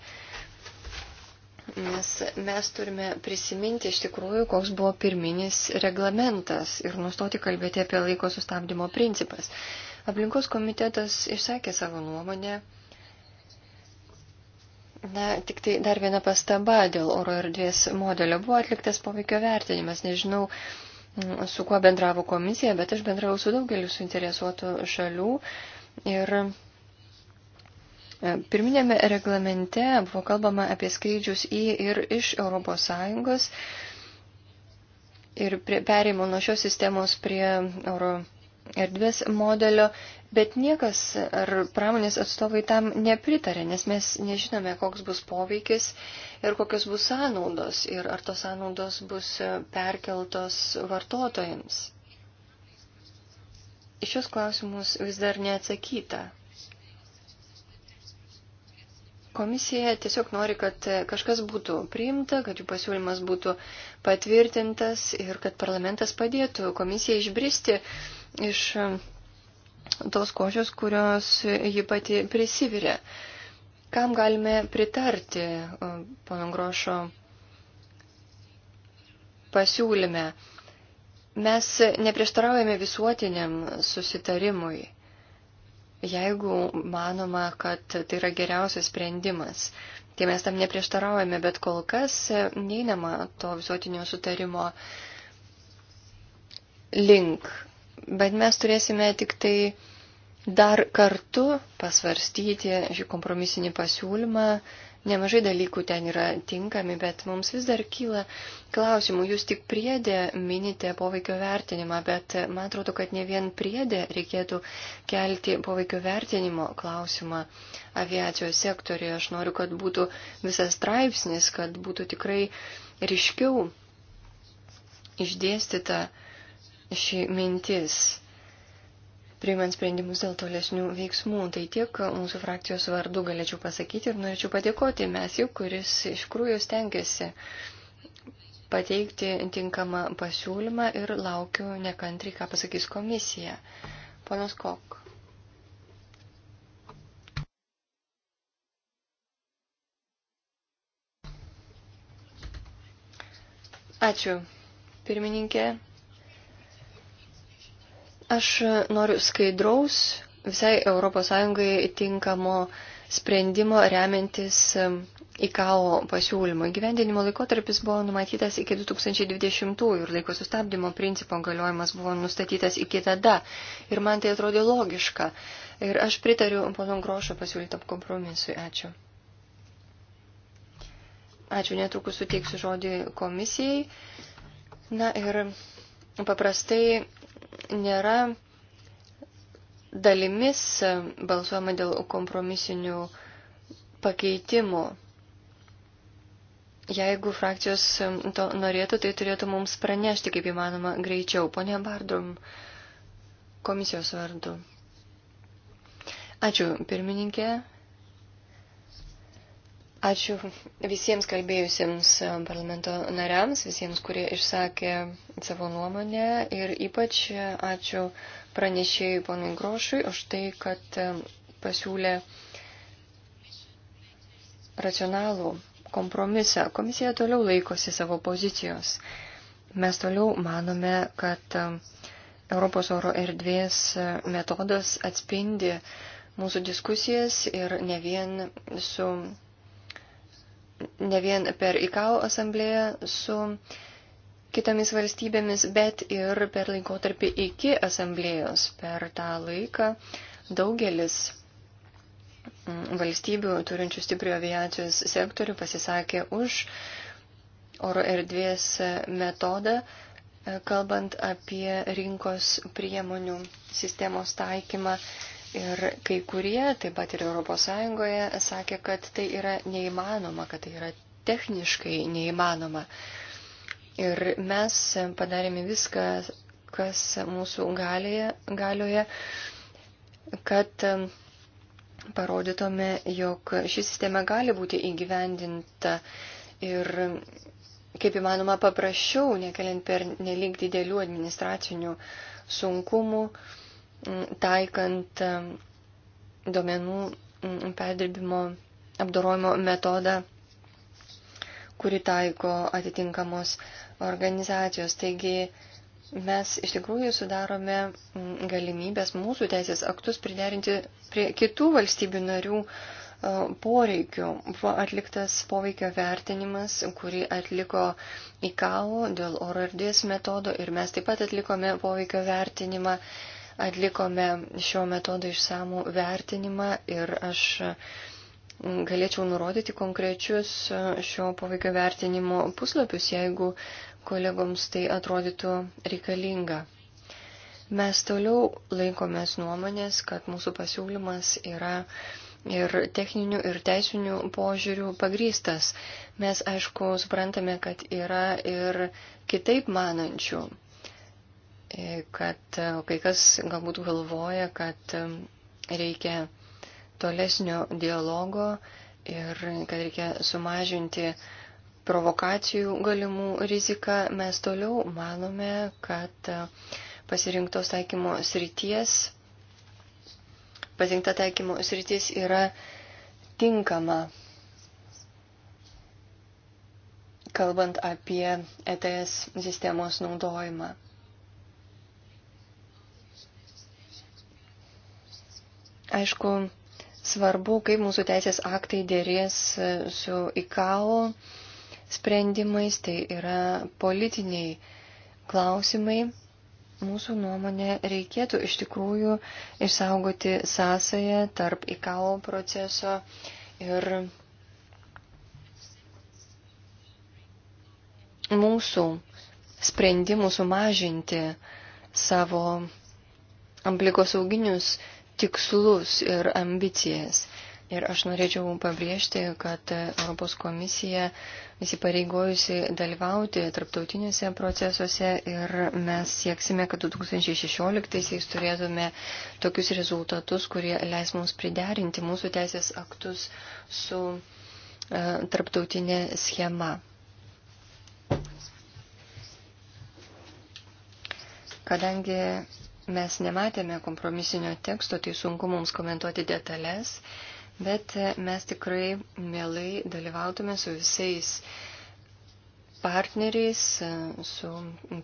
nes mes turime prisiminti iš tikrųjų, koks buvo pirminis reglamentas ir nustoti kalbėti apie laiko sustabdymo principas. Aplinkos komitetas išsakė savo nuomonę. Na, tik tai dar viena pastaba dėl oro erdvės modelio. Buvo atliktas poveikio vertinimas. Nežinau, mm, su kuo bendravo komisija, bet aš bendravau su daugeliu suinteresuotų šalių. Ir E, Pirminėme reglamente buvo kalbama apie skrydžius į ir iš ES ir perėjimo nuo šios sistemos prie euro erdvės modelio, bet niekas ar pramonės atstovai tam nepritarė, nes mes nežinome, koks bus poveikis ir kokios bus sąnaudos ir ar tos sąnaudos bus perkeltos vartotojams. Iš šios klausimus vis dar neatsakyta. Komisija tiesiog nori, kad kažkas būtų priimta, kad jų pasiūlymas būtų patvirtintas ir kad parlamentas padėtų komisijai išbristi iš e, tos košios, kurios ji pati prisivirė. Kam galime pritarti, e, pono Grošo pasiūlyme? Mes neprieštaraujame visuotiniam susitarimui jeigu manoma, kad tai yra geriausias sprendimas. Tai mes tam neprieštaraujame, bet kol kas neinama to visuotinio sutarimo link. Bet mes turėsime tik tai dar kartu pasvarstyti šį kompromisinį pasiūlymą, Nemažai dalykų ten yra tinkami, bet mums vis dar kyla klausimų. Jūs tik priedė minite poveikio vertinimą, bet man atrodo, kad ne vien priedė reikėtų kelti poveikio vertinimo klausimą aviacijos sektoriuje. Aš noriu, kad būtų visas straipsnis, kad būtų tikrai ryškiau išdėstyta ši mintis priimant sprendimus dėl tolesnių veiksmų. Tai tiek mūsų frakcijos vardu galėčiau pasakyti ir norėčiau padėkoti mes jau, kuris iš tikrųjų stengiasi pateikti tinkamą pasiūlymą ir laukiu nekantriai, ką pasakys komisija. Ponas Kok. Ačiū, pirmininkė. Aš noriu skaidraus, visai ES tinkamo sprendimo remiantis IKAO pasiūlymo. Gyvendinimo laikotarpis buvo numatytas iki 2020 ir laiko sustabdymo principo galiojimas buvo nustatytas iki tada. Ir man tai atrodė logiška. Ir aš pritariu pono Grošo pasiūlytam kompromisui. Ačiū. Ačiū, netrukus suteiksiu žodį komisijai. Na ir paprastai nėra dalimis balsuojama dėl kompromisinių pakeitimų. Jeigu frakcijos to norėtų, tai turėtų mums pranešti kaip įmanoma greičiau. Pone Bardrum, komisijos vardu. Ačiū, pirmininkė. Ačiū visiems kalbėjusiems parlamento nariams, visiems, kurie išsakė savo nuomonę ir ypač ačiū pranešėjai ponui Grošui už tai, kad pasiūlė racionalų kompromisą. Komisija toliau laikosi savo pozicijos. Mes toliau manome, kad Europos oro erdvės metodas atspindi mūsų diskusijas ir ne vien su ne vien per ICAO asamblėją su kitomis valstybėmis, bet ir per laikotarpį iki asamblėjos. Per tą laiką daugelis mm, valstybių turinčių stiprių aviacijos sektorių pasisakė už oro erdvės metodą, e, kalbant apie rinkos priemonių sistemos taikymą Ir kai kurie, taip pat ir ES, sakė, kad tai yra neįmanoma, kad tai yra techniškai neįmanoma. Ir mes padarėme viską, kas mūsų galioje, galioje kad um, parodytume, jog ši sistema gali būti įgyvendinta ir kaip įmanoma paprasčiau, nekeliant per nelik didelių administracinių sunkumų. Uh, taikant duomenų perdirbimo apdorojimo metodą, kuri taiko atitinkamos organizacijos. Taigi mes iš tikrųjų sudarome galimybės mūsų teisės aktus priderinti prie kitų valstybių narių e, poreikių. Buvo atliktas poveikio vertinimas, kurį atliko ICAO dėl oro erdvės metodo ir mes taip pat atlikome poveikio vertinimą atlikome šio metodo išsamų vertinimą ir aš galėčiau nurodyti konkrečius šio poveikio vertinimo puslapius, jeigu kolegoms tai atrodytų reikalinga. Mes toliau laikomės nuomonės, kad mūsų pasiūlymas yra ir techninių, ir teisinių požiūrių pagrystas. Mes, aišku, suprantame, kad yra ir kitaip manančių. E, kad e, kai kas galbūt galvoja, kad e, reikia tolesnio dialogo ir kad reikia sumažinti provokacijų galimų riziką, mes toliau manome, kad pasirinktos taikymo srities, pasirinkta taikymo srities yra tinkama. Kalbant apie ETS sistemos naudojimą. Aišku, svarbu, kaip mūsų teisės aktai dėrės e, su ICAO sprendimais, tai yra politiniai klausimai. Mūsų nuomonė reikėtų iš tikrųjų išsaugoti sąsąją tarp ICAO proceso ir mūsų sprendimų sumažinti savo aplikosauginius sauginius tikslus ir ambicijas. Ir aš norėčiau pabrėžti, kad Europos komisija įsipareigojusi dalyvauti tarptautiniuose procesuose ir mes sieksime, kad 2016-aisiais turėtume tokius rezultatus, kurie leis mums priderinti mūsų teisės aktus su e, tarptautinė schema. Kadangi mes nematėme kompromisinio teksto, tai sunku mums komentuoti detalės, bet mes tikrai mielai dalyvautume su visais partneriais, su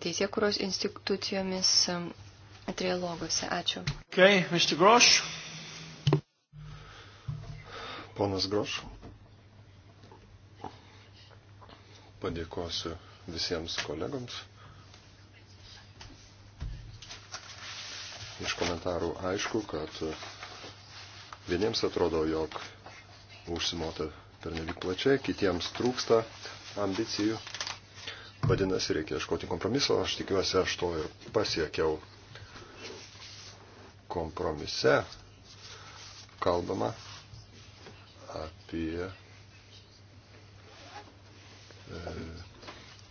teisėkuros institucijomis trialoguose. Ačiū. Okay, Mr. Groš. Ponas Groš. Padėkosiu visiems kolegams. iš komentarų aišku, kad vieniems atrodo, jog užsimota pernelik plačiai, kitiems trūksta ambicijų. Vadinasi, reikia ieškoti kompromiso. Aš tikiuosi, aš to ir pasiekiau. Kompromise kalbama apie e,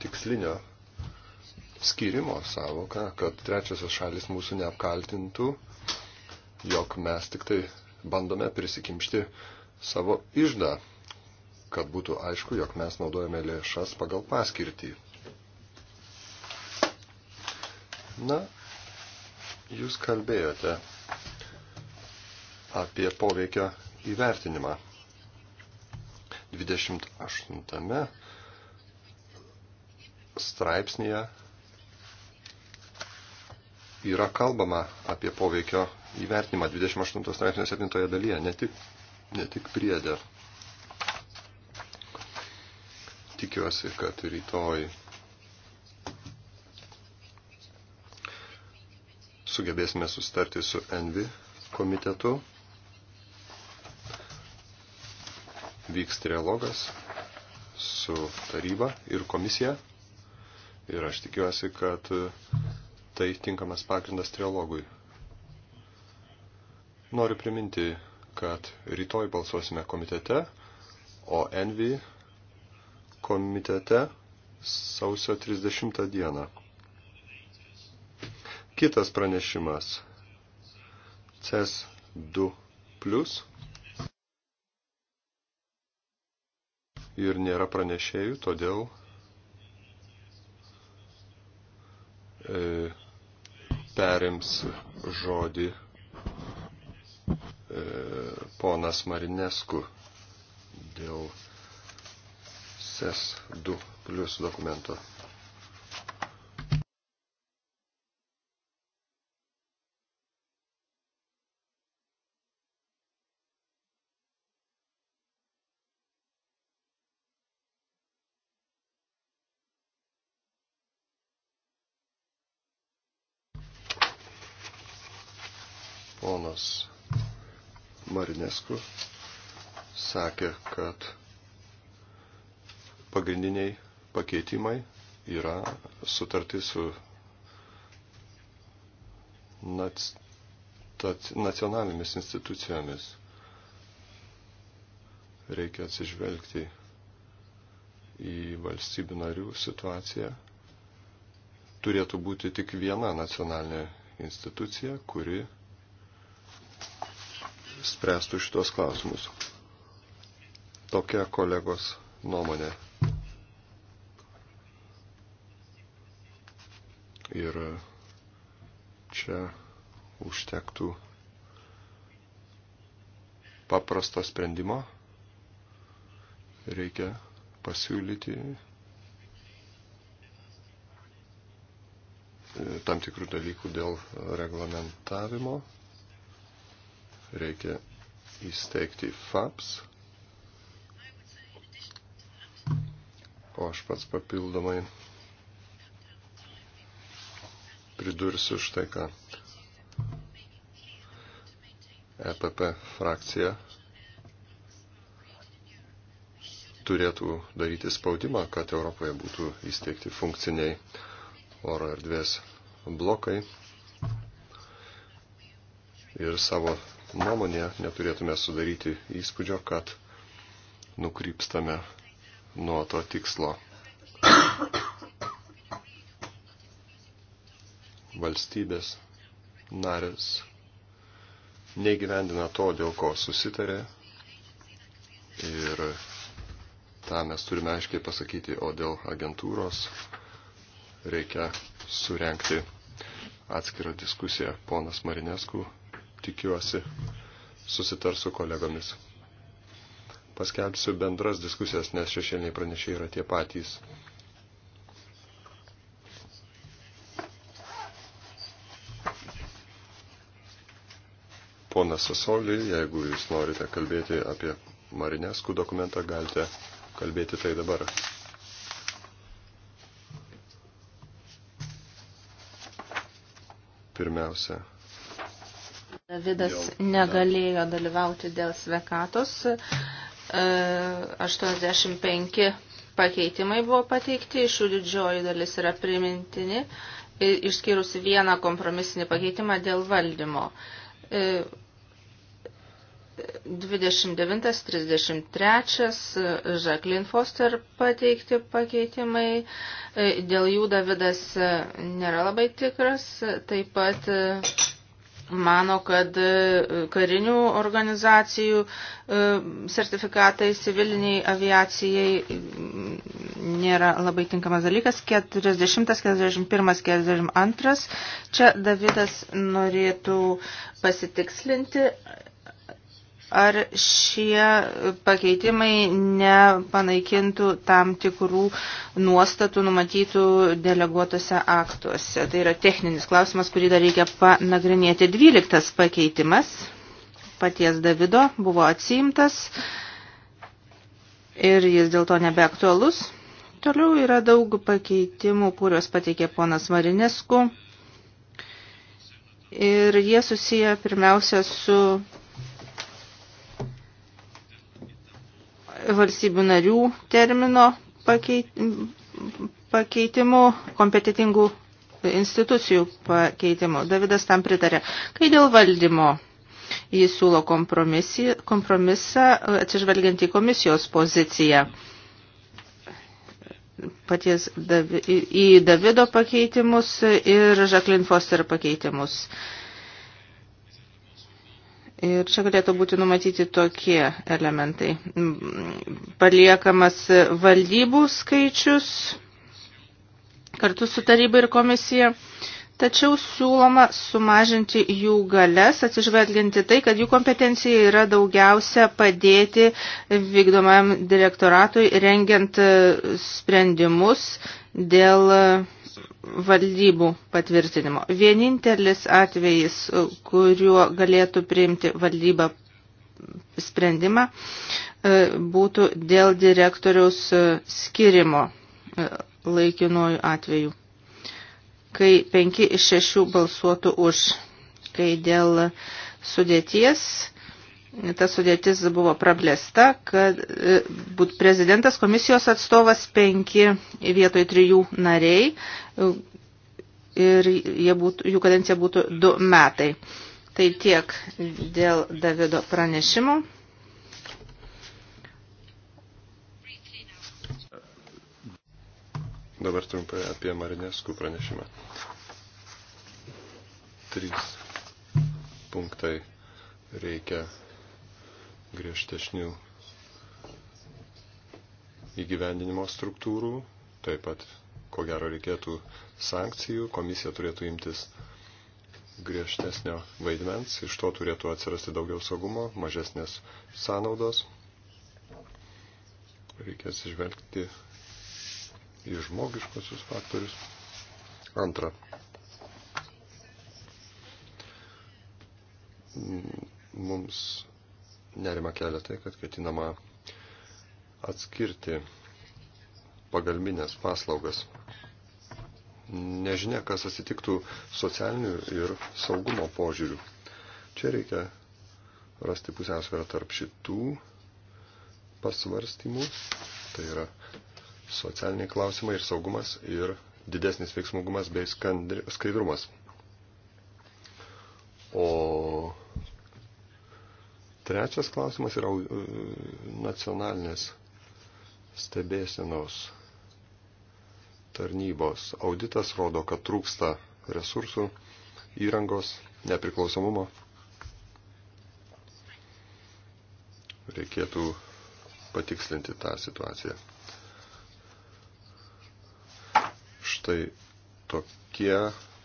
tikslinio skirimo savoką, kad trečiosios šalis mūsų neapkaltintų, jog mes tik tai bandome prisikimšti savo išdą, kad būtų aišku, jog mes naudojame lėšas pagal paskirtį. Na, jūs kalbėjote apie poveikio įvertinimą. 28 straipsnėje yra kalbama apie poveikio įvertinimą 28 straipsnio 7 dalyje, ne tik, ne tik priedė. Tikiuosi, kad rytoj sugebėsime sustarti su Envi komitetu. Vyks trialogas su taryba ir komisija. Ir aš tikiuosi, kad uh, tai tinkamas pagrindas trialogui. Noriu priminti, kad rytoj balsuosime komitete, o Envy komitete sausio 30 dieną. Kitas pranešimas CES 2 plus ir nėra pranešėjų, todėl e, perims žodį e, ponas Marinesku dėl SES 2 plus dokumento. Marinesku sakė, kad pagrindiniai pakeitimai yra sutartis su nac, tac, nacionalinėmis institucijomis. Reikia atsižvelgti į valstybių narių situaciją. Turėtų būti tik viena nacionalinė institucija, kuri spręstų šitos klausimus. Tokia kolegos nuomonė. Ir čia užtektų paprasto sprendimo. Reikia pasiūlyti tam tikrų dalykų dėl reglamentavimo reikia įsteigti FAPS. O aš pats papildomai pridursiu štai ką. EPP frakcija turėtų daryti spaudimą, kad Europoje būtų įsteigti funkciniai oro erdvės blokai ir savo nuomonė neturėtume sudaryti įspūdžio, kad nukrypstame nuo to tikslo. Valstybės narės neįgyvendina to, dėl ko susitarė. Ir tą mes turime aiškiai pasakyti, o dėl agentūros reikia surenkti atskirą diskusiją. Ponas Marinesku tikiuosi, susitar su kolegomis. Paskelbsiu bendras diskusijas, nes šešėliniai pranešiai yra tie patys. Ponas Sasolį, jeigu jūs norite kalbėti apie Marineskų dokumentą, galite kalbėti tai dabar. pirmiausia Davidas negalėjo dalyvauti dėl svekatos. 85 e, pakeitimai buvo pateikti, iš jų didžioji dalis yra primintini, išskyrus vieną kompromisinį pakeitimą dėl valdymo. 29-33 e, Žaklin Foster pateikti pakeitimai. E, dėl jų Davidas nėra labai tikras. Taip pat mano, kad e, karinių organizacijų e, sertifikatai civiliniai aviacijai nėra labai tinkamas dalykas. 40, 41, 42. Čia Davidas norėtų pasitikslinti ar šie pakeitimai nepanaikintų tam tikrų nuostatų numatytų deleguotose aktuose. Tai yra techninis klausimas, kurį dar reikia panagrinėti. Dvyliktas pakeitimas paties Davido buvo atsiimtas ir jis dėl to nebeaktualus. Toliau yra daug pakeitimų, kuriuos pateikė ponas Marinesku. Ir jie susiję pirmiausia su valstybių narių termino pakeitimu, kompetitingų institucijų pakeitimu. Davidas tam pritarė. Kai dėl valdymo jis siūlo kompromisą atsižvelgiant į komisijos poziciją paties Davi, į Davido pakeitimus ir Žaklin Foster pakeitimus. Ir čia galėtų būti numatyti tokie elementai. Paliekamas valdybų skaičius kartu su taryba ir komisija, tačiau siūloma sumažinti jų galės, atsižvelginti tai, kad jų kompetencija yra daugiausia padėti vykdomajam direktoratui rengiant sprendimus dėl valdybų patvirtinimo. Vienintelis atvejis, kuriuo galėtų priimti valdyba sprendimą, e, būtų dėl direktoriaus e, skirimo e, laikinojų atvejų, kai penki iš šešių balsuotų už, kai dėl sudėties ta sudėtis buvo prablėsta, kad būt prezidentas komisijos atstovas penki vietoj trijų nariai, ir būtų, jų kadencija būtų du metai. Tai tiek dėl Davido pranešimo. Dabar trumpai apie Marineskų pranešimą. Trys punktai reikia griežtesnių įgyvendinimo struktūrų, taip pat ko gero reikėtų sankcijų, komisija turėtų imtis griežtesnio vaidmens, iš to turėtų atsirasti daugiau saugumo, mažesnės sąnaudos. Reikės išvelgti į žmogiškosius faktorius. Antra. Mums nerima kelia tai, kad ketinama atskirti pagalbinės paslaugas. Nežinia, kas atsitiktų socialinių ir saugumo požiūrių. Čia reikia rasti pusiausvyrą tarp šitų pasvarstymų, tai yra socialiniai klausimai ir saugumas ir didesnis veiksmugumas bei skaidrumas. O trečias klausimas yra uh, nacionalinės stebėsenos tarnybos. Auditas rodo, kad trūksta resursų, įrangos, nepriklausomumo. Reikėtų patikslinti tą situaciją. Štai tokie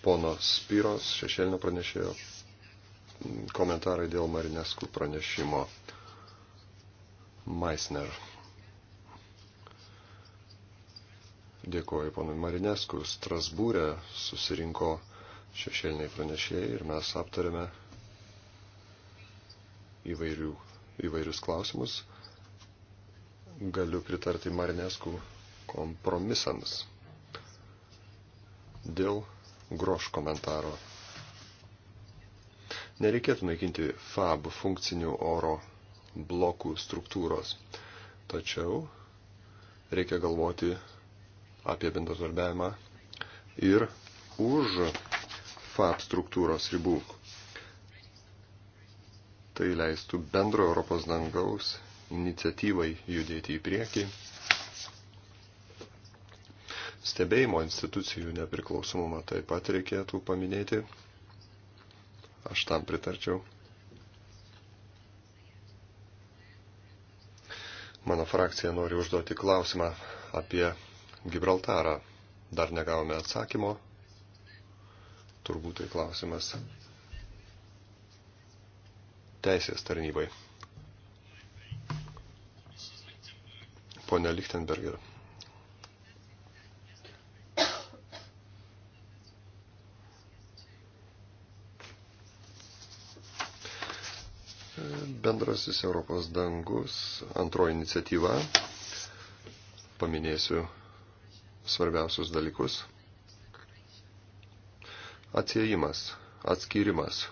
pono Spyros šešėlinio pranešėjo komentarai dėl Marinesku pranešimo. Meissner. Dėkuoju ponui Marinesku. Strasbūrė susirinko šešėliniai pranešėjai ir mes aptarėme įvairių, įvairius klausimus. Galiu pritarti Marinesku kompromisams dėl groš komentaro. Nereikėtų naikinti FAB funkcinių oro blokų struktūros, tačiau reikia galvoti apie bendradarbiavimą ir už FAT struktūros ribų. Tai leistų bendro Europos dangaus iniciatyvai judėti į priekį, stebėjimo institucijų nepriklausomumą taip pat reikėtų paminėti. Aš tam pritarčiau. Mano frakcija nori užduoti klausimą apie Gibraltarą. Dar negavome atsakymo. Turbūt tai klausimas teisės tarnybai. Pone Lichtenberger. Bendrasis Europos dangus, antroji iniciatyva. Paminėsiu svarbiausius dalykus. Atsiejimas, atskirimas.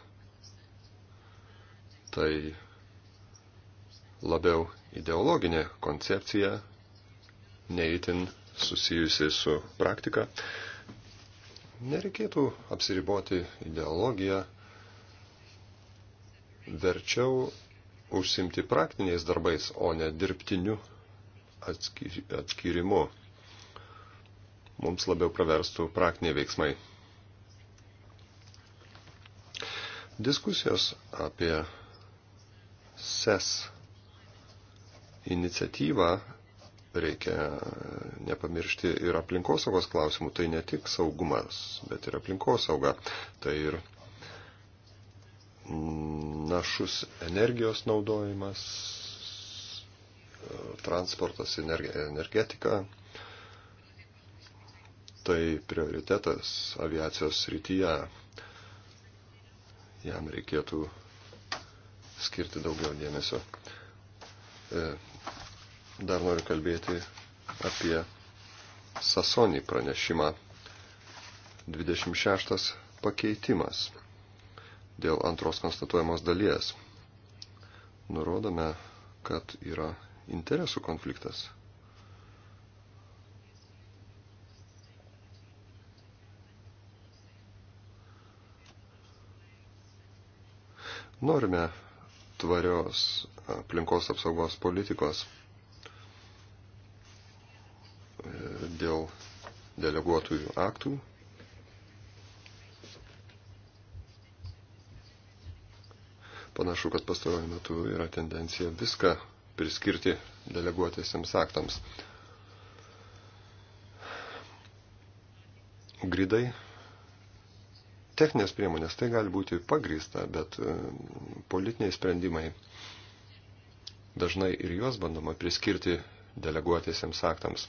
Tai labiau ideologinė koncepcija, neįtin susijusi su praktika. Nereikėtų apsiriboti ideologiją, verčiau užsimti praktiniais darbais, o ne dirbtiniu atskirimu mums labiau praverstų praktiniai veiksmai. Diskusijos apie SES e iniciatyvą reikia nepamiršti ir aplinkosaugos klausimų. Tai ne tik saugumas, bet ir aplinkosauga. Tai ir našus energijos naudojimas, transportas, energetika, tai prioritetas aviacijos srityje. Jam reikėtų skirti daugiau dėmesio. E, dar noriu kalbėti apie Sasonį pranešimą 26 pakeitimas dėl antros konstatuojamos dalies. Nurodome, kad yra interesų konfliktas. Norime tvarios aplinkos apsaugos politikos e, dėl deleguotųjų aktų. Panašu, kad pastaruoju metu yra tendencija viską priskirti deleguotėsiams aktams. Gridai techninės priemonės tai gali būti pagrįsta, bet e, politiniai sprendimai dažnai ir juos bandoma priskirti deleguotiesiems aktams.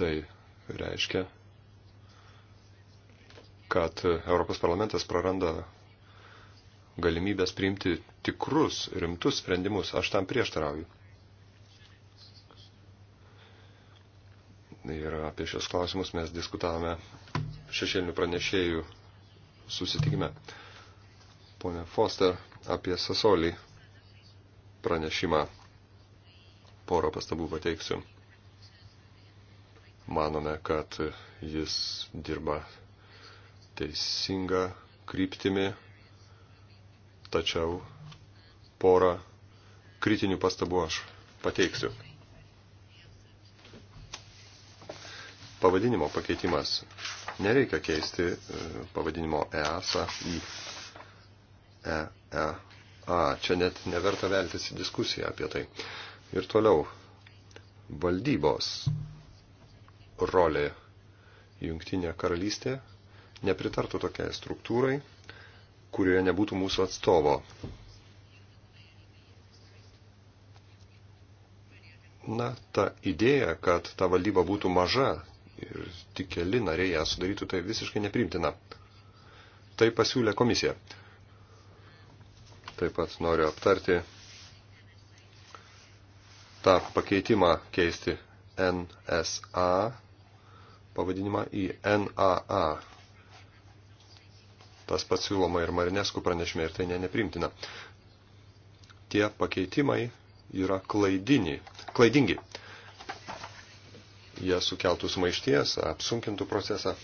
Tai reiškia, kad Europos parlamentas praranda galimybės priimti tikrus, rimtus sprendimus. Aš tam prieštarauju. Ir apie šios klausimus mes diskutavome šešėlinių pranešėjų susitikime. Pone Foster, apie Sasolį pranešimą porą pastabų pateiksiu. Manome, kad jis dirba teisinga kryptimi, tačiau porą kritinių pastabų aš pateiksiu. Pavadinimo pakeitimas. Nereikia keisti e, pavadinimo EASA į EEA. Čia net neverta veltis į diskusiją apie tai. Ir toliau. Valdybos rolė Jungtinė karalystė nepritartų tokiai struktūrai, kurioje nebūtų mūsų atstovo. Na, ta idėja, kad ta valdyba būtų maža, ir tik keli nariai ją sudarytų, tai visiškai neprimtina. Tai pasiūlė komisija. Taip pat noriu aptarti tą pakeitimą keisti NSA pavadinimą į NAA. Tas pats siūloma ir Marineskų pranešime ir tai ne, neprimtina. Tie pakeitimai yra klaidini, klaidingi jie sukeltų sumaišties, apsunkintų procesą.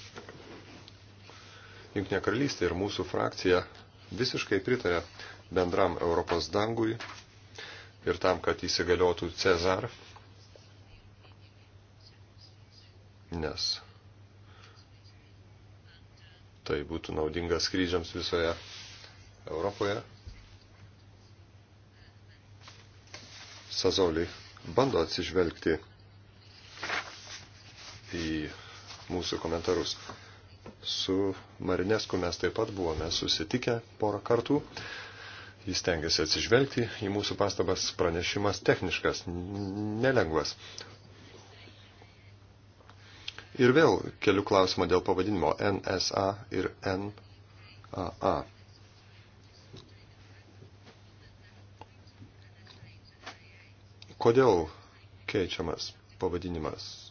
Junknė karalystė ir mūsų frakcija visiškai pritarė bendram Europos dangui ir tam, kad įsigaliotų Cezar, nes tai būtų naudinga skrydžiams visoje Europoje. Sazoliai bando atsižvelgti į mūsų komentarus. Su Marinesku mes taip pat buvome susitikę porą kartų. Jis tengiasi atsižvelgti į mūsų pastabas, pranešimas techniškas, nelengvas. Ir vėl keliu klausimą dėl pavadinimo NSA ir NAA. Kodėl keičiamas pavadinimas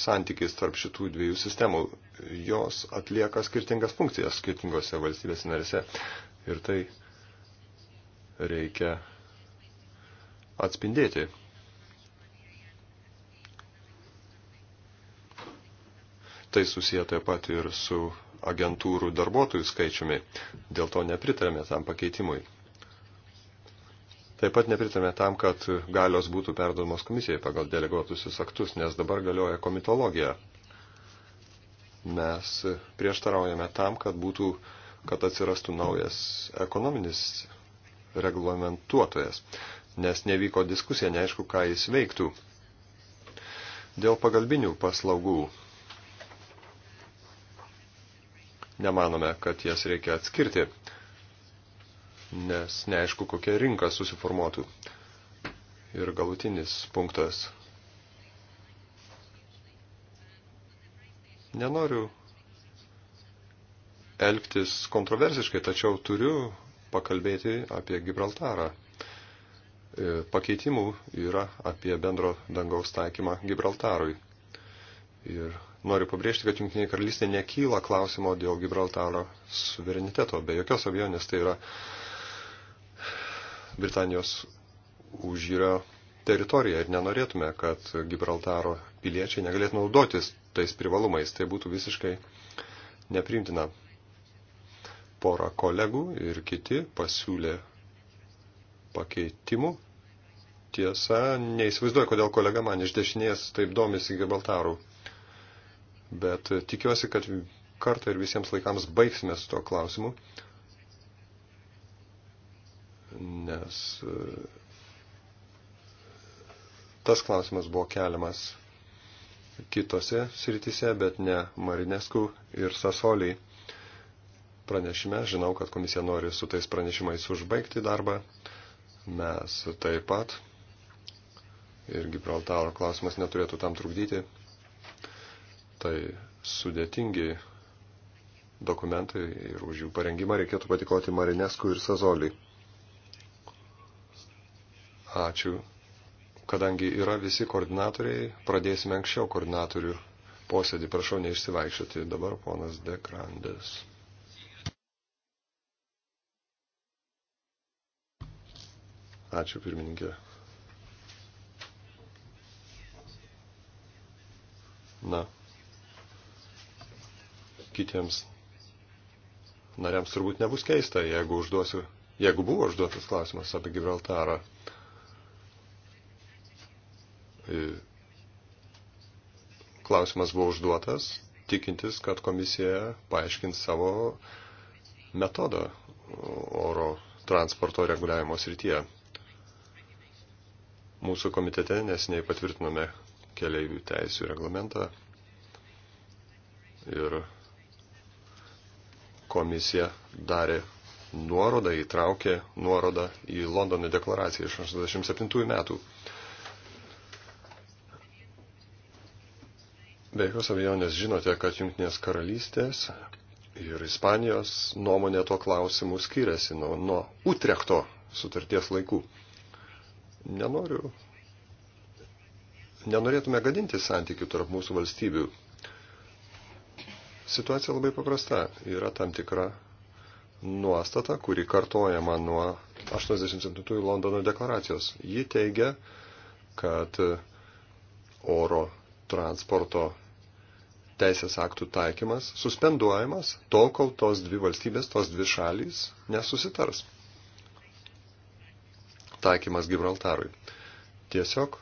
santykis tarp šitų dviejų sistemų. Jos atlieka skirtingas funkcijas skirtingose valstybės narėse. Ir tai reikia atspindėti. Tai susiję taip pat ir su agentūrų darbuotojų skaičiumi. Dėl to nepritarėme tam pakeitimui. Taip pat nepritame tam, kad galios būtų perdomos komisijai pagal deleguotusius aktus, nes dabar galioja komitologija. Mes prieštaraujame tam, kad, būtų, kad atsirastų naujas ekonominis reglamentuotojas, nes nevyko diskusija, neaišku, ką jis veiktų. Dėl pagalbinių paslaugų nemanome, kad jas reikia atskirti nes neaišku, kokia rinka susiformuotų. Ir galutinis punktas. Nenoriu elgtis kontroversiškai, tačiau turiu pakalbėti apie Gibraltarą. E, pakeitimų yra apie bendro dangaus taikymą Gibraltarui. Ir noriu pabrėžti, kad Junktinė karalystė nekyla klausimo dėl Gibraltaro suvereniteto. Be jokios abejonės tai yra uh, Britanijos užyra teritoriją ir nenorėtume, kad Gibraltaro piliečiai negalėtų naudotis tais privalumais. Tai būtų visiškai neprimtina. Pora kolegų ir kiti pasiūlė pakeitimų. Tiesa, neįsivaizduoju, kodėl kolega man iš dešinės taip domisi Gibraltarų. Bet tikiuosi, kad kartą ir visiems laikams baigsime su tuo klausimu nes e, tas klausimas buvo keliamas kitose sritise, bet ne Marinesku ir Sasoliai pranešime. Žinau, kad komisija nori su tais pranešimais užbaigti darbą. Mes taip pat ir Gibraltaro klausimas neturėtų tam trukdyti. Tai sudėtingi dokumentai ir už jų parengimą reikėtų patikoti Marinesku ir Sazoliai. Ačiū. Kadangi yra visi koordinatoriai, pradėsime anksčiau koordinatorių posėdį. Prašau neišsivaikščioti. Dabar ponas Dekrandas. Ačiū pirmininkė. Na, kitiems nariams turbūt nebus keista, jeigu užduosiu, jeigu buvo užduotas klausimas apie Gibraltarą. E, klausimas buvo užduotas, tikintis, kad komisija paaiškins savo metodą oro transporto reguliavimo srityje. Mūsų komitete nesiniai patvirtinome keliaivių teisų reglamentą ir komisija darė nuorodą, įtraukė nuorodą į Londono deklaraciją iš 1987 metų. Be jokios abejonės žinote, kad Junktinės karalystės ir Ispanijos nuomonė tuo klausimu skiriasi nuo, nuo Utrechto sutarties laikų. Nenoriu. Nenorėtume gadinti santykių tarp mūsų valstybių. Situacija labai paprasta. Yra tam tikra nuostata, kuri kartojama nuo 87 Londono deklaracijos. Ji teigia, kad oro transporto teisės aktų taikymas suspenduojamas tol, kol tos dvi valstybės, tos dvi šalys nesusitars. Taikymas Gibraltarui. Tiesiog,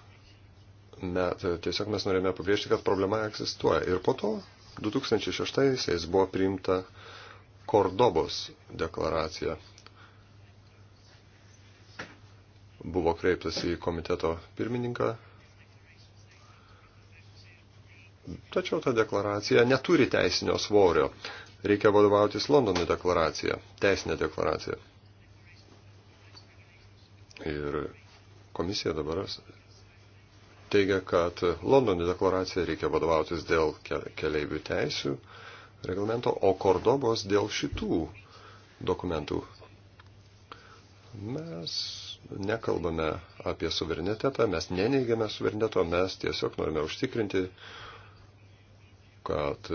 ne, tiesiog mes norėjome pabrėžti, kad problema egzistuoja. Ir po to 2006-aisiais buvo priimta Kordobos deklaracija. Buvo kreiptas į komiteto pirmininką Tačiau ta deklaracija neturi teisinio svorio. Reikia vadovautis Londono deklaracija, teisinė deklaracija. Ir komisija dabar teigia, kad Londono deklaracija reikia vadovautis dėl keleivių teisių reglamento, o Kordobos dėl šitų dokumentų. Mes nekalbame apie suverenitetą, mes neneigiame suvereniteto, mes tiesiog norime užtikrinti uh, kad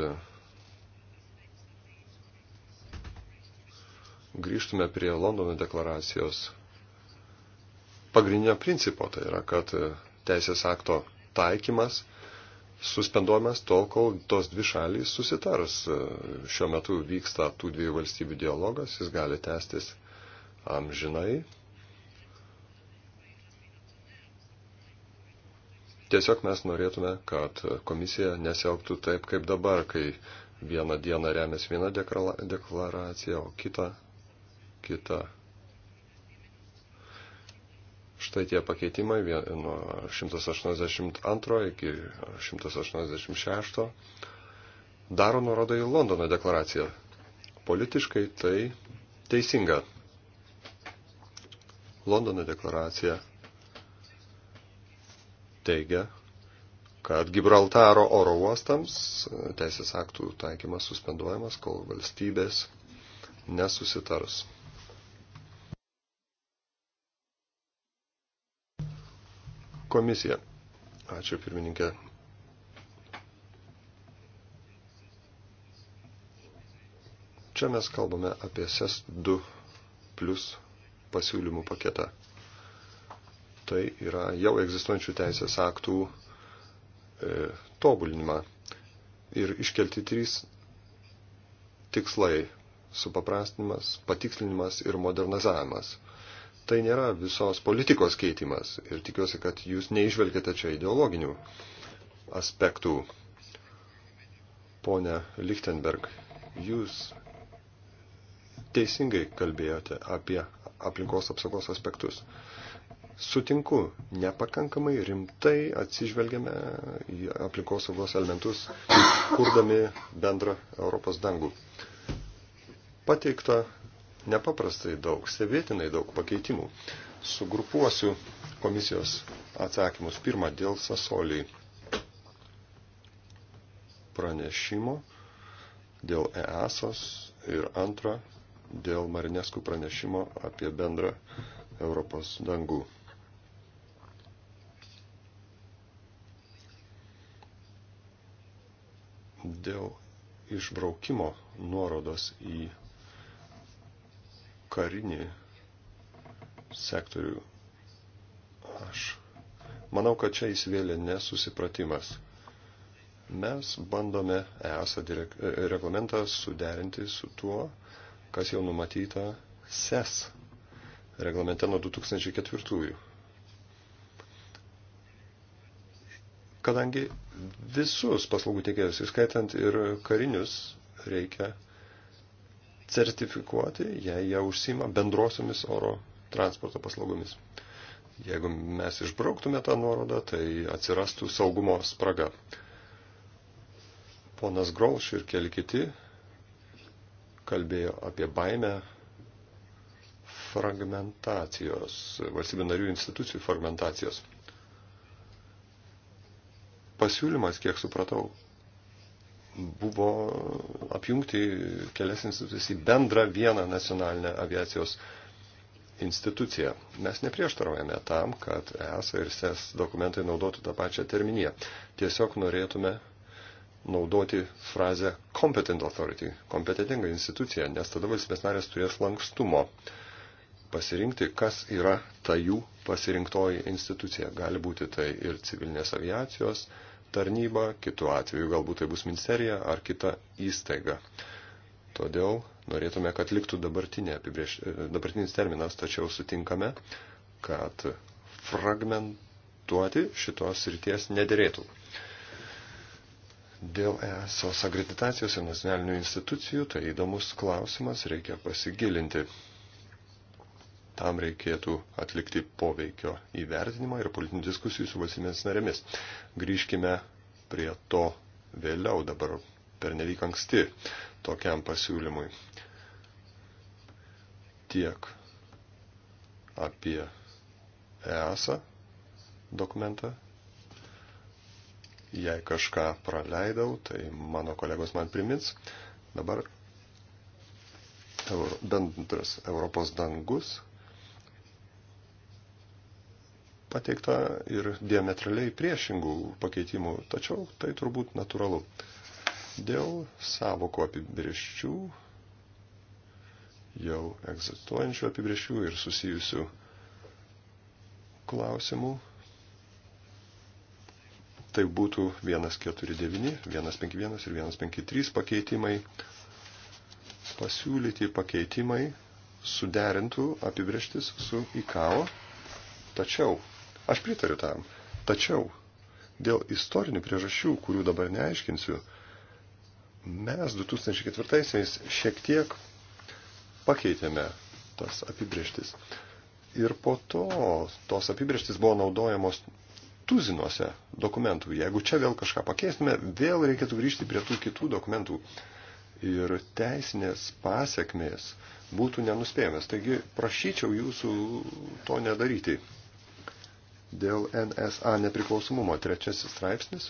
grįžtume prie Londono deklaracijos pagrindinio principo, tai yra, kad teisės akto taikymas suspenduojamas tol, kol tos dvi šalys susitars. Šiuo metu vyksta tų dviejų valstybių dialogas, jis gali tęstis amžinai. Tiesiog mes norėtume, kad komisija nesielgtų taip, kaip dabar, kai vieną dieną remės vieną deklaraciją, o kitą kitą. Štai tie pakeitimai nuo 182 iki 186 daro nuorodą į Londono deklaraciją. Politiškai tai teisinga. Londono deklaracija teigia, kad Gibraltaro oro uostams e, teisės aktų taikymas suspenduojamas, kol valstybės nesusitars. Komisija. Ačiū pirmininkė. Čia mes kalbame apie SES 2 plus pasiūlymų paketą tai yra jau egzistuojančių teisės aktų e, tobulinimą. Ir iškelti trys tikslai - supaprastinimas, patikslinimas ir modernizavimas. Tai nėra visos politikos keitimas ir tikiuosi, kad jūs neižvelgėte čia ideologinių aspektų. Pone Lichtenberg, jūs teisingai kalbėjote apie aplinkos apsaugos aspektus. Sutinku, nepakankamai rimtai atsižvelgiame į aplinkosaugos elementus, kurdami bendrą Europos dangų. Pateikta nepaprastai daug, stebėtinai daug pakeitimų. Sugrupuosiu komisijos atsakymus. Pirma, dėl sasoliai pranešimo, dėl EASOS ir antra, dėl Marineskų pranešimo apie bendrą Europos dangų. dėl išbraukimo nuorodos į karinį sektorių. Aš manau, kad čia įsivėlė nesusipratimas. Mes bandome ESA e, e, reglamentą suderinti su tuo, kas jau numatyta SES e reglamente nuo 2004. -ųjų. kadangi visus paslaugų tiekėjus, įskaitant ir karinius, reikia certifikuoti, jei jie užsima bendrosiomis oro transporto paslaugomis. Jeigu mes išbrauktume tą nuorodą, tai atsirastų saugumo spraga. Ponas Grolš ir keli kiti kalbėjo apie baimę fragmentacijos, valstybių narių institucijų fragmentacijos pasiūlymas, kiek supratau, buvo apjungti kelias institucijas į bendrą vieną nacionalinę aviacijos instituciją. Mes neprieštaraujame tam, kad ESA ir SES e dokumentai naudotų tą pačią terminiją. Tiesiog norėtume naudoti frazę competent authority, kompetentinga institucija, nes tada valstybės narės turės lankstumo uh, pasirinkti, kas yra ta jų pasirinktoji institucija. Gali būti tai ir civilinės aviacijos tarnyba, kitu atveju galbūt tai bus ministerija ar kita įstaiga. Todėl norėtume, kad liktų apibrieš... dabartinis terminas, tačiau sutinkame, kad fragmentuoti šitos ryties nederėtų. Dėl ESOS agreditacijos ir nacionalinių institucijų tai įdomus klausimas, reikia pasigilinti. Tam reikėtų atlikti poveikio įvertinimą ir politinių diskusijų su valstybės narėmis. Grįžkime prie to vėliau, dabar per nelik anksti tokiam pasiūlymui. Tiek apie EASA dokumentą. Jei kažką praleidau, tai mano kolegos man primins. Dabar bendras Europos dangus pateikta ir diametraliai priešingų pakeitimų, tačiau tai turbūt natūralu. Dėl savoko apibrieščių, jau egzistuojančių apibrieščių ir susijusių klausimų, tai būtų 149, 151 ir 153 pakeitimai, pasiūlyti pakeitimai suderintų apibrieštis su ICAO, tačiau Aš pritariu tam. Tačiau dėl istorinių priežasčių, kurių dabar neaiškinsiu, mes 2004-aisiais šiek tiek pakeitėme tas apibrieštis. Ir po to tos apibrieštis buvo naudojamos tuzinuose dokumentų. Jeigu čia vėl kažką pakeistume, vėl reikėtų grįžti prie tų kitų dokumentų. Ir teisinės pasiekmės būtų nenuspėjamas. Taigi prašyčiau jūsų to nedaryti dėl NSA nepriklausomumo. Trečiasis straipsnis.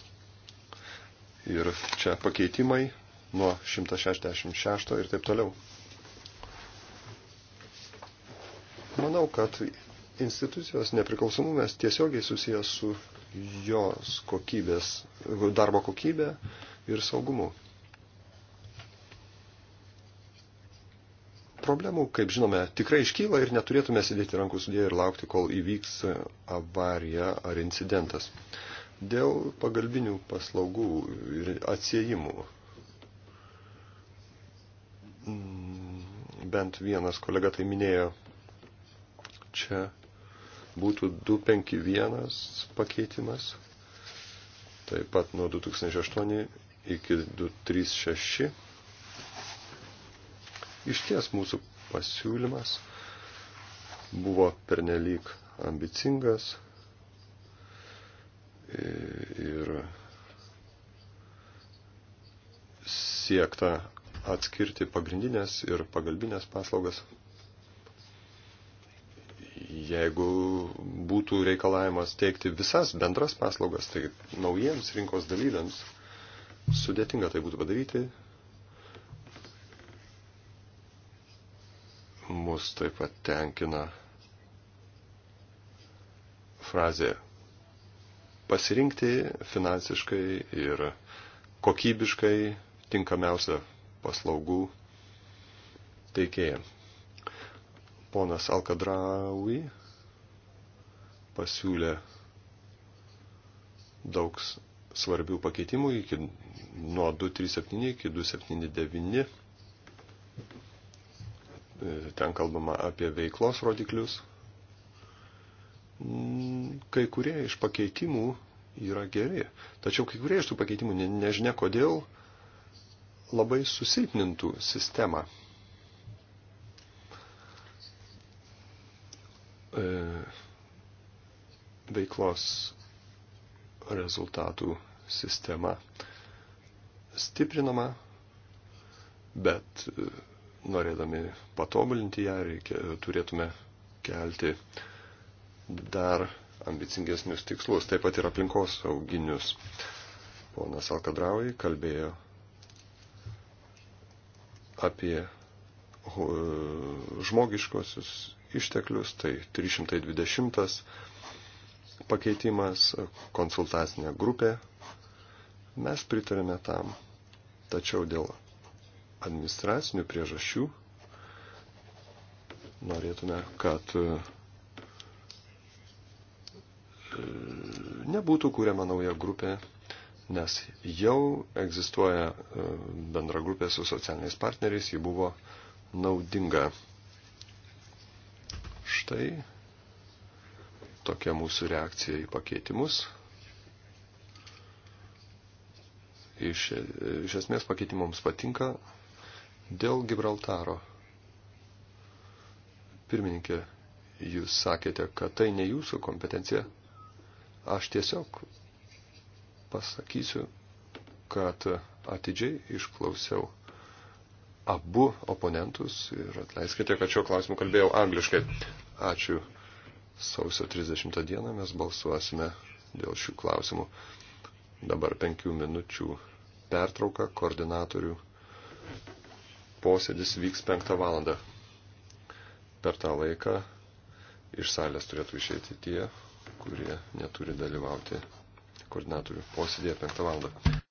Ir čia pakeitimai nuo 166 ir taip toliau. Manau, kad institucijos nepriklausomumas tiesiogiai susijęs su jos kokybės, darbo kokybė ir saugumu. Problemų, kaip žinome, tikrai iškyla ir neturėtume sėdėti rankų sudėję ir laukti, kol įvyks avarija ar incidentas. Dėl pagalbinių paslaugų ir atsiejimų. Mm, bent vienas kolega tai minėjo. Čia būtų 251 pakeitimas. Taip pat nuo 2008 iki 236 Iš ties mūsų pasiūlymas buvo pernelyg ambicingas ir siekta atskirti pagrindinės ir pagalbinės paslaugas. Jeigu būtų reikalavimas teikti visas bendras paslaugas, tai naujiems rinkos dalyviams sudėtinga tai būtų padaryti, mus taip pat tenkina frazė pasirinkti finansiškai ir kokybiškai tinkamiausią paslaugų teikėją. Ponas Alkadraui pasiūlė daug svarbių pakeitimų iki nuo 237 iki 279 E, ten kalbama apie veiklos rodiklius. Mm, kai kurie iš pakeitimų yra geri. Tačiau kai kurie iš tų pakeitimų ne, nežinia kodėl labai susilpnintų sistemą. E, veiklos rezultatų sistema stiprinama, bet e, norėdami patobulinti ją, reikia, turėtume kelti dar ambicingesnius tikslus, taip pat ir aplinkos sauginius. Ponas Alkadraui kalbėjo apie žmogiškosius išteklius, tai 320 pakeitimas, konsultacinė grupė. Mes pritarėme tam, tačiau dėl administracinių priežasčių norėtume, kad e, nebūtų kūriama nauja grupė, nes jau egzistuoja e, bendra grupė su socialiniais partneriais, ji buvo naudinga. Štai tokia mūsų reakcija į pakeitimus. Iš, iš esmės pakeitimams patinka Dėl Gibraltaro. Pirmininkė, jūs sakėte, kad tai ne jūsų kompetencija. Aš tiesiog pasakysiu, kad atidžiai išklausiau abu oponentus ir atleiskite, kad šiuo klausimu kalbėjau angliškai. Ačiū. Sausio 30 dieną mes balsuosime dėl šių klausimų. Dabar penkių minučių pertrauka koordinatorių posėdis vyks 5 valandą. Per tą laiką iš salės turėtų išeiti tie, kurie neturi dalyvauti koordinatorių posėdėje 5 valandą.